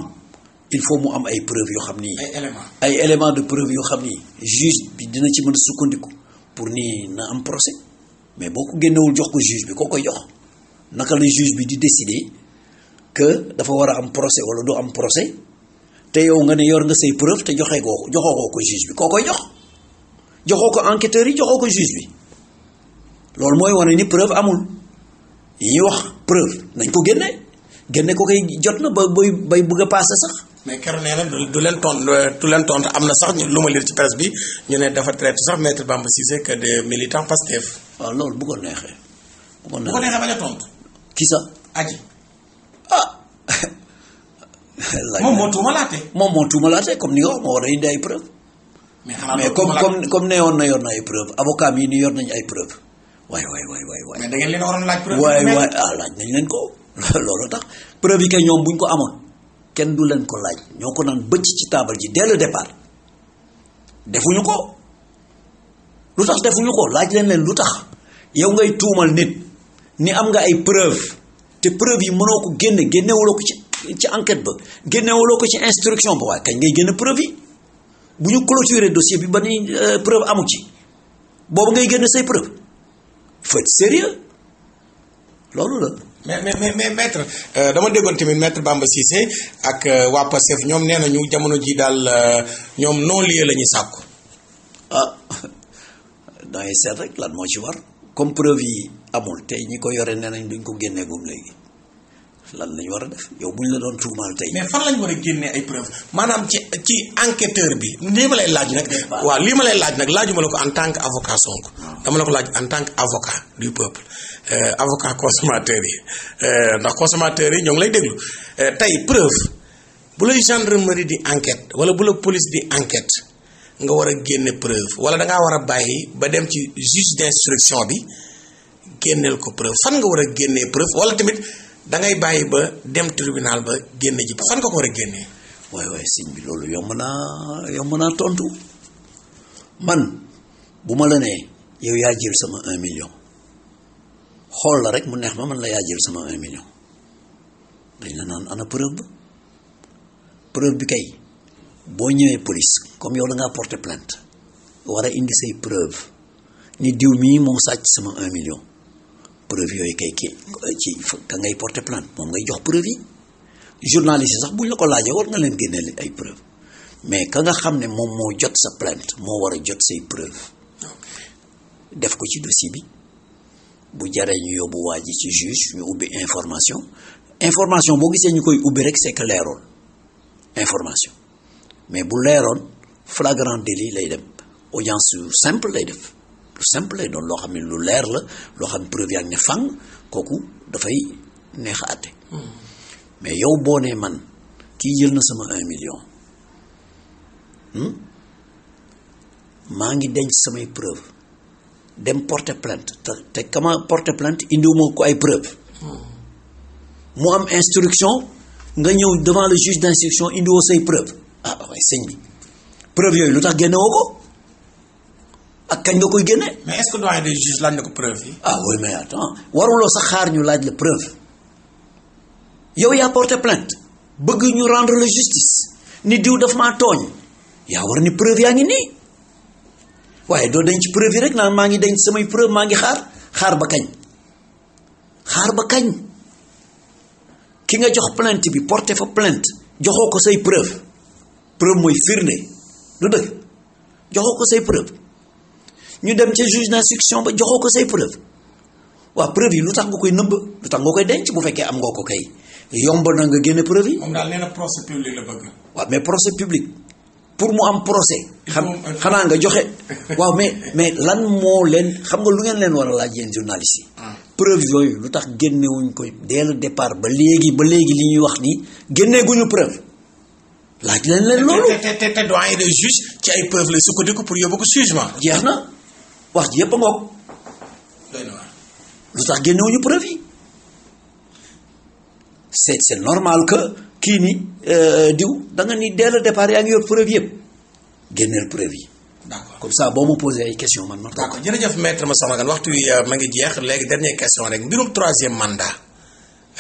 S2: il faut mu am ay preuves yoo xam ni. ay éléments ay éléments de preuve yoo xam ni juge bi dina ci mën a sukkandiku pour nii na am procès mais boo ko génnewul jox ko juge bi koo koy jox naka la juge bi di décider que dafa war a am procès wala du am procès te yow nga ne yor nga say preuve te joxe ko joxoo ko juge bi koo koy jox joxoo ko enquêteurs yi joxoo ko juge bi loolu mooy wane ni preuve amul yi ñuy wax preuve nañ ko génne génne ko koy jot na ba bay bay bëgg a passé sax.
S1: mais keroog nee na du leen tontu du leen tontu am na sax lu ma lire ci presse bi ñu ne dafa traité sax maître Bamba Cissé que des militants Pastef. waaw loolu bu neexee. bu a tontu. kisa aji ah
S2: moom moo tuumalaate moom moo tuumalaate comme ni nga wax moo war a indi ay preuve mais comme comme comme ne yoon na yor na ay preuve avocat yi ni yor nañu ay preuve waay waay waay waay waay mais da ngeen leen waroon laaj preuve waay waay ah laaj nañ leen ko loolu tax preuve yi kay ñoom buñ ko amoon kenn du leen ko laaj ñoo ko naan bëcc ci taabal ji dès le départ defuñu ko lu tax defuñu ko laaj leen leen lu tax yow ngay tuumal nit ni am nga ay preuve te preuve yi mënoo ko génne génnewuloo ko ci ci enquête ba génnewuloo ko ci instruction ba waaye kañ ngay génne preuve yi bu ñu clôturer dossier bi ba ni euh, preuve amu ci boobu ngay génne say preuve faut être sérieux
S1: loolu la. mais mais mais maître euh, dama déggoon tamit maître Bamba Cissé ak euh, waa Pastef ñoom nee nañu jamono ji daal ñoom non lieu la ñuy sàkku. ah dangay seet rek lan moo ci war
S2: comme preuve yi. amul tey ñi ko yore nee nañ duñ ko génnee gum léegi lan lañu war a def
S1: yow buñ la doon tuumaal tey. mais fan lañ war a génnee ay preuve maanaam ci ci enquêteur bi lii ma lay laaj nag. waaw lii ma lay laaj nag ma la ko en tant que avocat Sonko. dama la ko laaj en tant que avocat du peuple euh, avocat consommateur yi euh, ndax consommateur yi ñoo ngi lay déglu euh, tey preuve bu lay gendarmerie di enquête wala bu la police di enquête nga war a génne preuve wala da ngaa war a bàyyi ba dem ci juge d'instruction bi. génneel ko preuve fan nga war a génnee preuve wala tamit dangay bàyyi ba dem tribunal ba génne ji fan nga ko war a génnee. waay waay sëñ bi loolu yomb naa yomb naa
S2: tontu man bu ma la nee yow yaa jël sama un million xool la rek mu neex ma man la yaa jël sama un million dañ la naan ana preuve bi kay boo ñëwee police comme yow da ngaa plant plainte war a indi say preuve ni diw mii moom sàcc sama un million. preuve yooyu kay kii ci ka ngay porter plainte moom ngay jox preuve yi journaliste yi sax buñ la ko laajee war nga leen génneel ay preuve mais ka nga xam ne moom moo jot sa plainte moo war a jot say preuve def ko ci dossier bi bu jaree ñu yóbbu waa ji ci juge ñu ubbi information information boo gisee ñu koy ubbi rek c'est que leeroon information mais bu leeroon flagrant délit lay dem audience simple lay def simple lay doon loo xam ne lu leer la loo xam ne preuve yaa ngi ne kooku dafay neex a àtte mais yow boo nee man kii jël na sama un million hmm? maa ngi denc samay preuve dem porte plainte te te kama porter plainte indiwuma ko ay preuve mu am instruction nga ñëw devant le juge d'instruction indiwoo say preuve ah waaye sëñ bi preuve yooyu lu tax génnewoo ko ak kañ nga koy génne. mais est des juges laaj ko preuve yi. ah oui mais attends waruloo sax xaar ñu laaj la preuve yow yaa porté plainte bëgg ñu rendre la justice ni diw daf ma tooñ yaa war ni preuve yaa ngi nii waaye doo denc preuve yi rek naan maa ngi denc samay preuve maa ngi xaar xaar ba kañ xaar ba kañ ki nga jox plainte bi porté fa plainte joxoo ko say preuve preuve mooy firnde du dëgg joxoo ko say preuve. ñu dem ca juge d'instruction ba joxoo ko say preuve waaw preuve yi lu tax nga koy nëbb lu tax nga koy denc bu fekkee am nga ko kay yomb na nga génne preuve yi. moom daal mais procès public pour mu am procès. xam xanaa nga joxe. waaw mais mais lan moo leen xam nga lu ngeen leen war a laaj yéen journaliste yi. Ah. preuve yooyu lu tax génnewuñ ko dès le départ ba léegi ba léegi li ñuy
S1: wax nii génneeguñu preuve. laaj leen leen loolu. te te te doyen de juge ci ay preuve la sukkandiku pour yóbbu ko jugement. jeex na. wax ji yëpp a ngoog
S2: lu tax génnewuñu preuve yi c'est c'est normal que kii ni euh, diw da nga ni dès le départ yaa ngi yor preuve yëpp génneel preuve yi. d'accord comme ça boo ma posé ay question man ma.
S1: d'accord jërëjëf maître Moussa Magane waxtu wi euh, ma ngi jeex léegi dernière question rek mbirum troisième mandat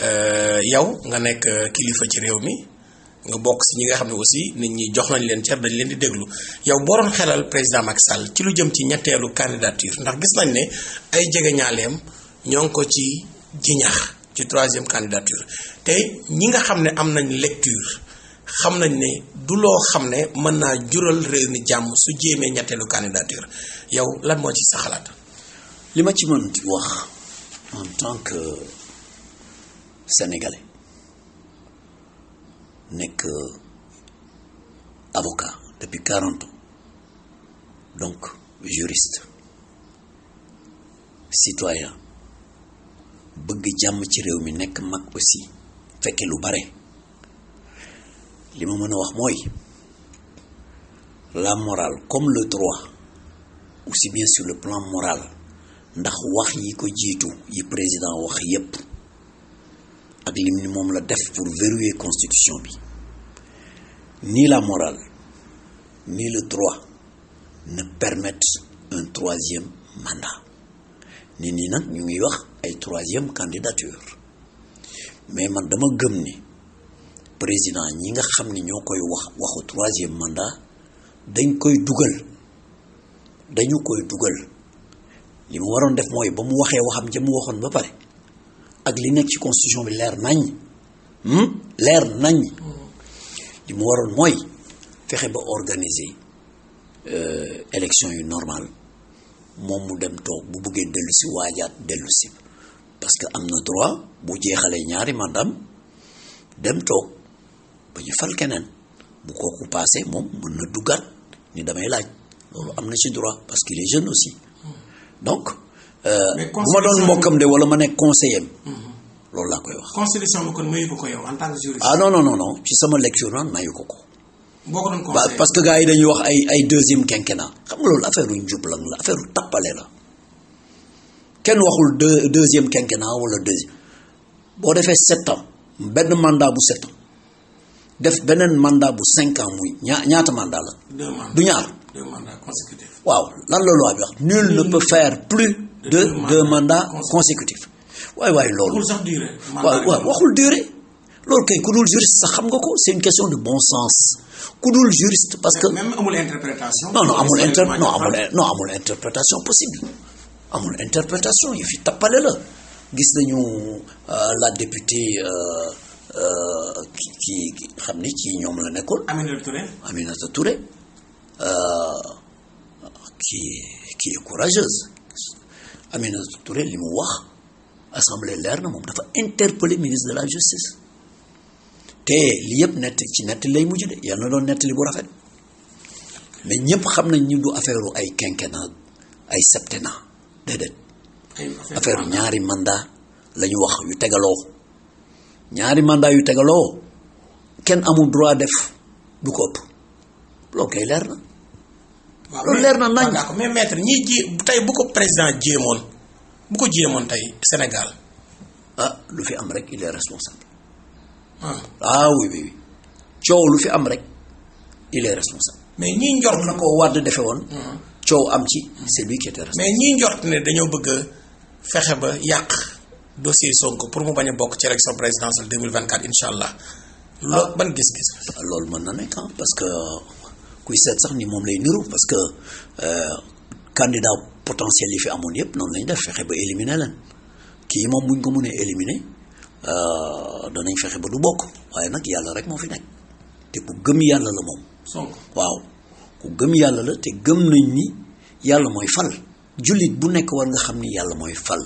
S1: euh, yow nga nekk kilifa ci réew mi. nga bokk si ñi nga xam ne aussi nit ñi jox nañ leen cer dañ leen di déglu yow boo xelal président Macky Sall ci lu jëm ci ñetteelu candidature ndax gis nañ ne ay jegeñaaleem ñoo ngi ko ci jiñax ci troisième candidature te ñi nga xam ne am nañ lecture xam nañ ne du loo xam ne mën naa jural réew mi jàmm su jéemee ñetteelu candidature yow lan moo ci sa xalaat. li ma ci mën
S2: wax en tant que sénégalais. nekk avocat depuis quarante donc juriste citoyen bëgg jàmm ci réew mi nekk mag aussi fekke lu bare li ma mën a wax mooy la morale comme le droit aussi bien sur le plan moral ndax wax yi ko jiitu yi président wax yépp ak li ni moom la def pour verrouiller constitution bi nii la morale ni le trois na permettent un troisième mandat nit ñi nag ñu ngi wax ay troisième candidature mais man dama gëm ni président ñi nga xam ni ñoo koy wax waxu troisième mandat dañ koy dugal dañu koy dugal li mu waroon def mooy ba mu waxee waxam ja mu waxoon ba pare ak li nekk ci constitution bi leer nañ hmm? leer nañ li mu waroon mooy fexe ba organiser euh, élection yu normal moom mu dem toog bu buggee dellu si waajaat dellu si parce que am na droit bu jeexalee ñaari mandam dem toog ba ñu fal keneen bu kooku paase moom mën na duggaat ni damay laaj loolu am na ci droit parce qu'il est jeune aussi hmm. donc Euh, bu ma doon mbokkam de wala ma nekk conseiller am. Mm-hmm. loolu laa koy wax.
S1: constitution bi kon mayu ko ko yow en tant que juriste. ah non non
S2: ci sama lecture noonu mayu ko ko.
S1: boo ko doon conseiller
S2: parce que gars yi dañuy wax ay ay deuxième quinquennat xam nga loolu affaire yu njublang la affaire yu tappale la kenn waxul deux deuxième quinquennat wala deuxième boo defee sept benn mandat bu sept ans def beneen mandat bu cinq ans muy ñaa ñaata mandat la. du ñaar. waaw lan la loi bi wax. nul ne peut faire plus. deux deux mandats consécutifs waay waay loolu
S1: waaw waaw waxul
S2: durée loolu kay ku dul juriste sax xam nga ko c'est une question de bon sens ku dul juriste parce que même
S1: amul interprétation non non amul inter non amul non
S2: amul interprétation possible amul interprétation yu fi tappale la gis nañu euh, la députée ki euh, euh, ki xam ni ci ñoom la nekkoon Aminata Touré Aminata Touré qui qui est courageuse amee Aminata Touré li mu wax assemblée leer na moom dafa interpellé ministre de la justice te lii yëpp nett ci nett lay mujj de yal na doon nett li bu rafet mais ñëpp xam nañ ñu du affaire ay quinquennat ay septennat déedéet. affaire ñaari mandat la wax yu tegaloo ñaari mandat yu tegaloo kenn amul droit def du ko ëpp loolu kay leer na.
S1: loolu leer na nañ d'accord mais maître ñi ji tey bu ko président jéemoon bu ko jéemoon tey Sénégal ah, lu fi am rek il est responsable ah,
S2: ah oui oui coow lu fi am rek il est responsable mais ñii njort na ko Wade defe woon ah. coow am ci c'est lui qui responsable
S1: mais ñii njort ne dañoo bëgg fexe ba yàq dossier Sonko pour mu bañ a bokk ci élection présidentielle 2024 incha allah loolu ban gis-gis loolu mën na nekk parce que kuy seet sax ni moom lay
S2: niru parce que euh, candidat potentiel yi fi amoon yëpp noonu lañ def fexe ba éliminer leen kii moom buñ ko mënee éliminer euh, danañ fexe ba du bokk waaye nag yàlla rek moo fi nekk te ku gëm yàlla la moom. Sonko waaw ku gëm yàlla la te gëm nañ ni yàlla mooy fal. jullit bu nekk war nga xam ni yàlla mooy fal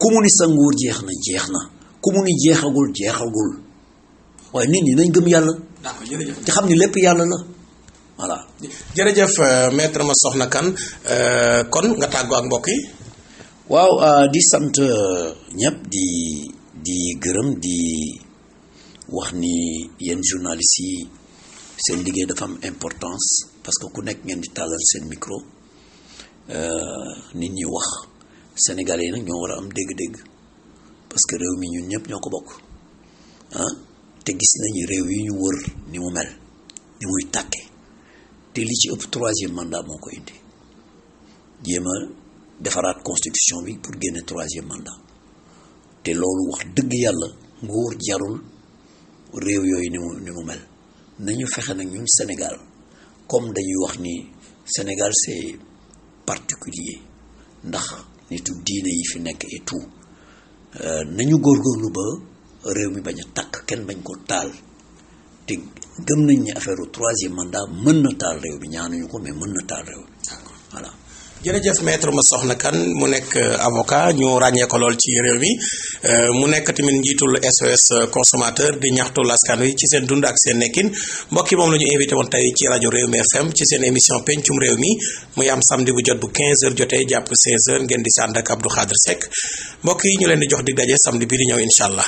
S2: ku mu ni sa nguur jeex na jeex na ku mu ni jeexagul jeexagul waaye nit ñi nañ gëm yàlla. te xam ni lépp yàlla la.
S1: voilà. jërëjëf euh, maître Massokhna Kane euh, kon nga tàggoo ak mbokk yi. waaw euh,
S2: di sant ñëpp di di gërëm di wax ni yenn journalistes yi seen liggéey dafa am importance parce que ku nekk ngeen di tàllal seen micro nit ñi wax sénégalais yi nag ñoo war a am dégg-dégg parce que réew mi ñun ñëpp ñoo ko bokk ah, te gis nañu réew yi ñu wër ni mu mel ni muy tàkke te li ci ëpp troisième mandat moo ko indi jéem a defaraat constitution bi pour génne troisième mandat te loolu wax dëgg yàlla nguur jarul réew yooyu ni mu ni mu mel nañu fexe nag ñu Sénégal comme dañuy wax ni Sénégal c'est particulier ndax nitu diine yi fi nekk et tout euh, nañu góorgóorlu ba réew mi bañ a tàkk kenn bañ ko taal te gëm nañ ne affaire troisième mandat mën na taal réew bi ñaanuñu ko mais mën na taal réew bi
S1: voilà. jërëjëf maître Massokhna Kane mu nekk euh, avocat ñu ràññee ko lool ci réew mi euh, mu nekk tamit njiitul SOS euh, consommateur di ñaxtu askan wi ci seen dund ak seen nekkin mbokk yi moom lañu ñu invité tey ci rajo réew mi FM ci seen émission pencum réew mi muy am samedi bu jot bu 15h jotee jàpp 16h ngeen di sànd ak Abdou Khadre Seck mbokk yi ñu leen di jox dig daje samedi bi di ñëw incha allah.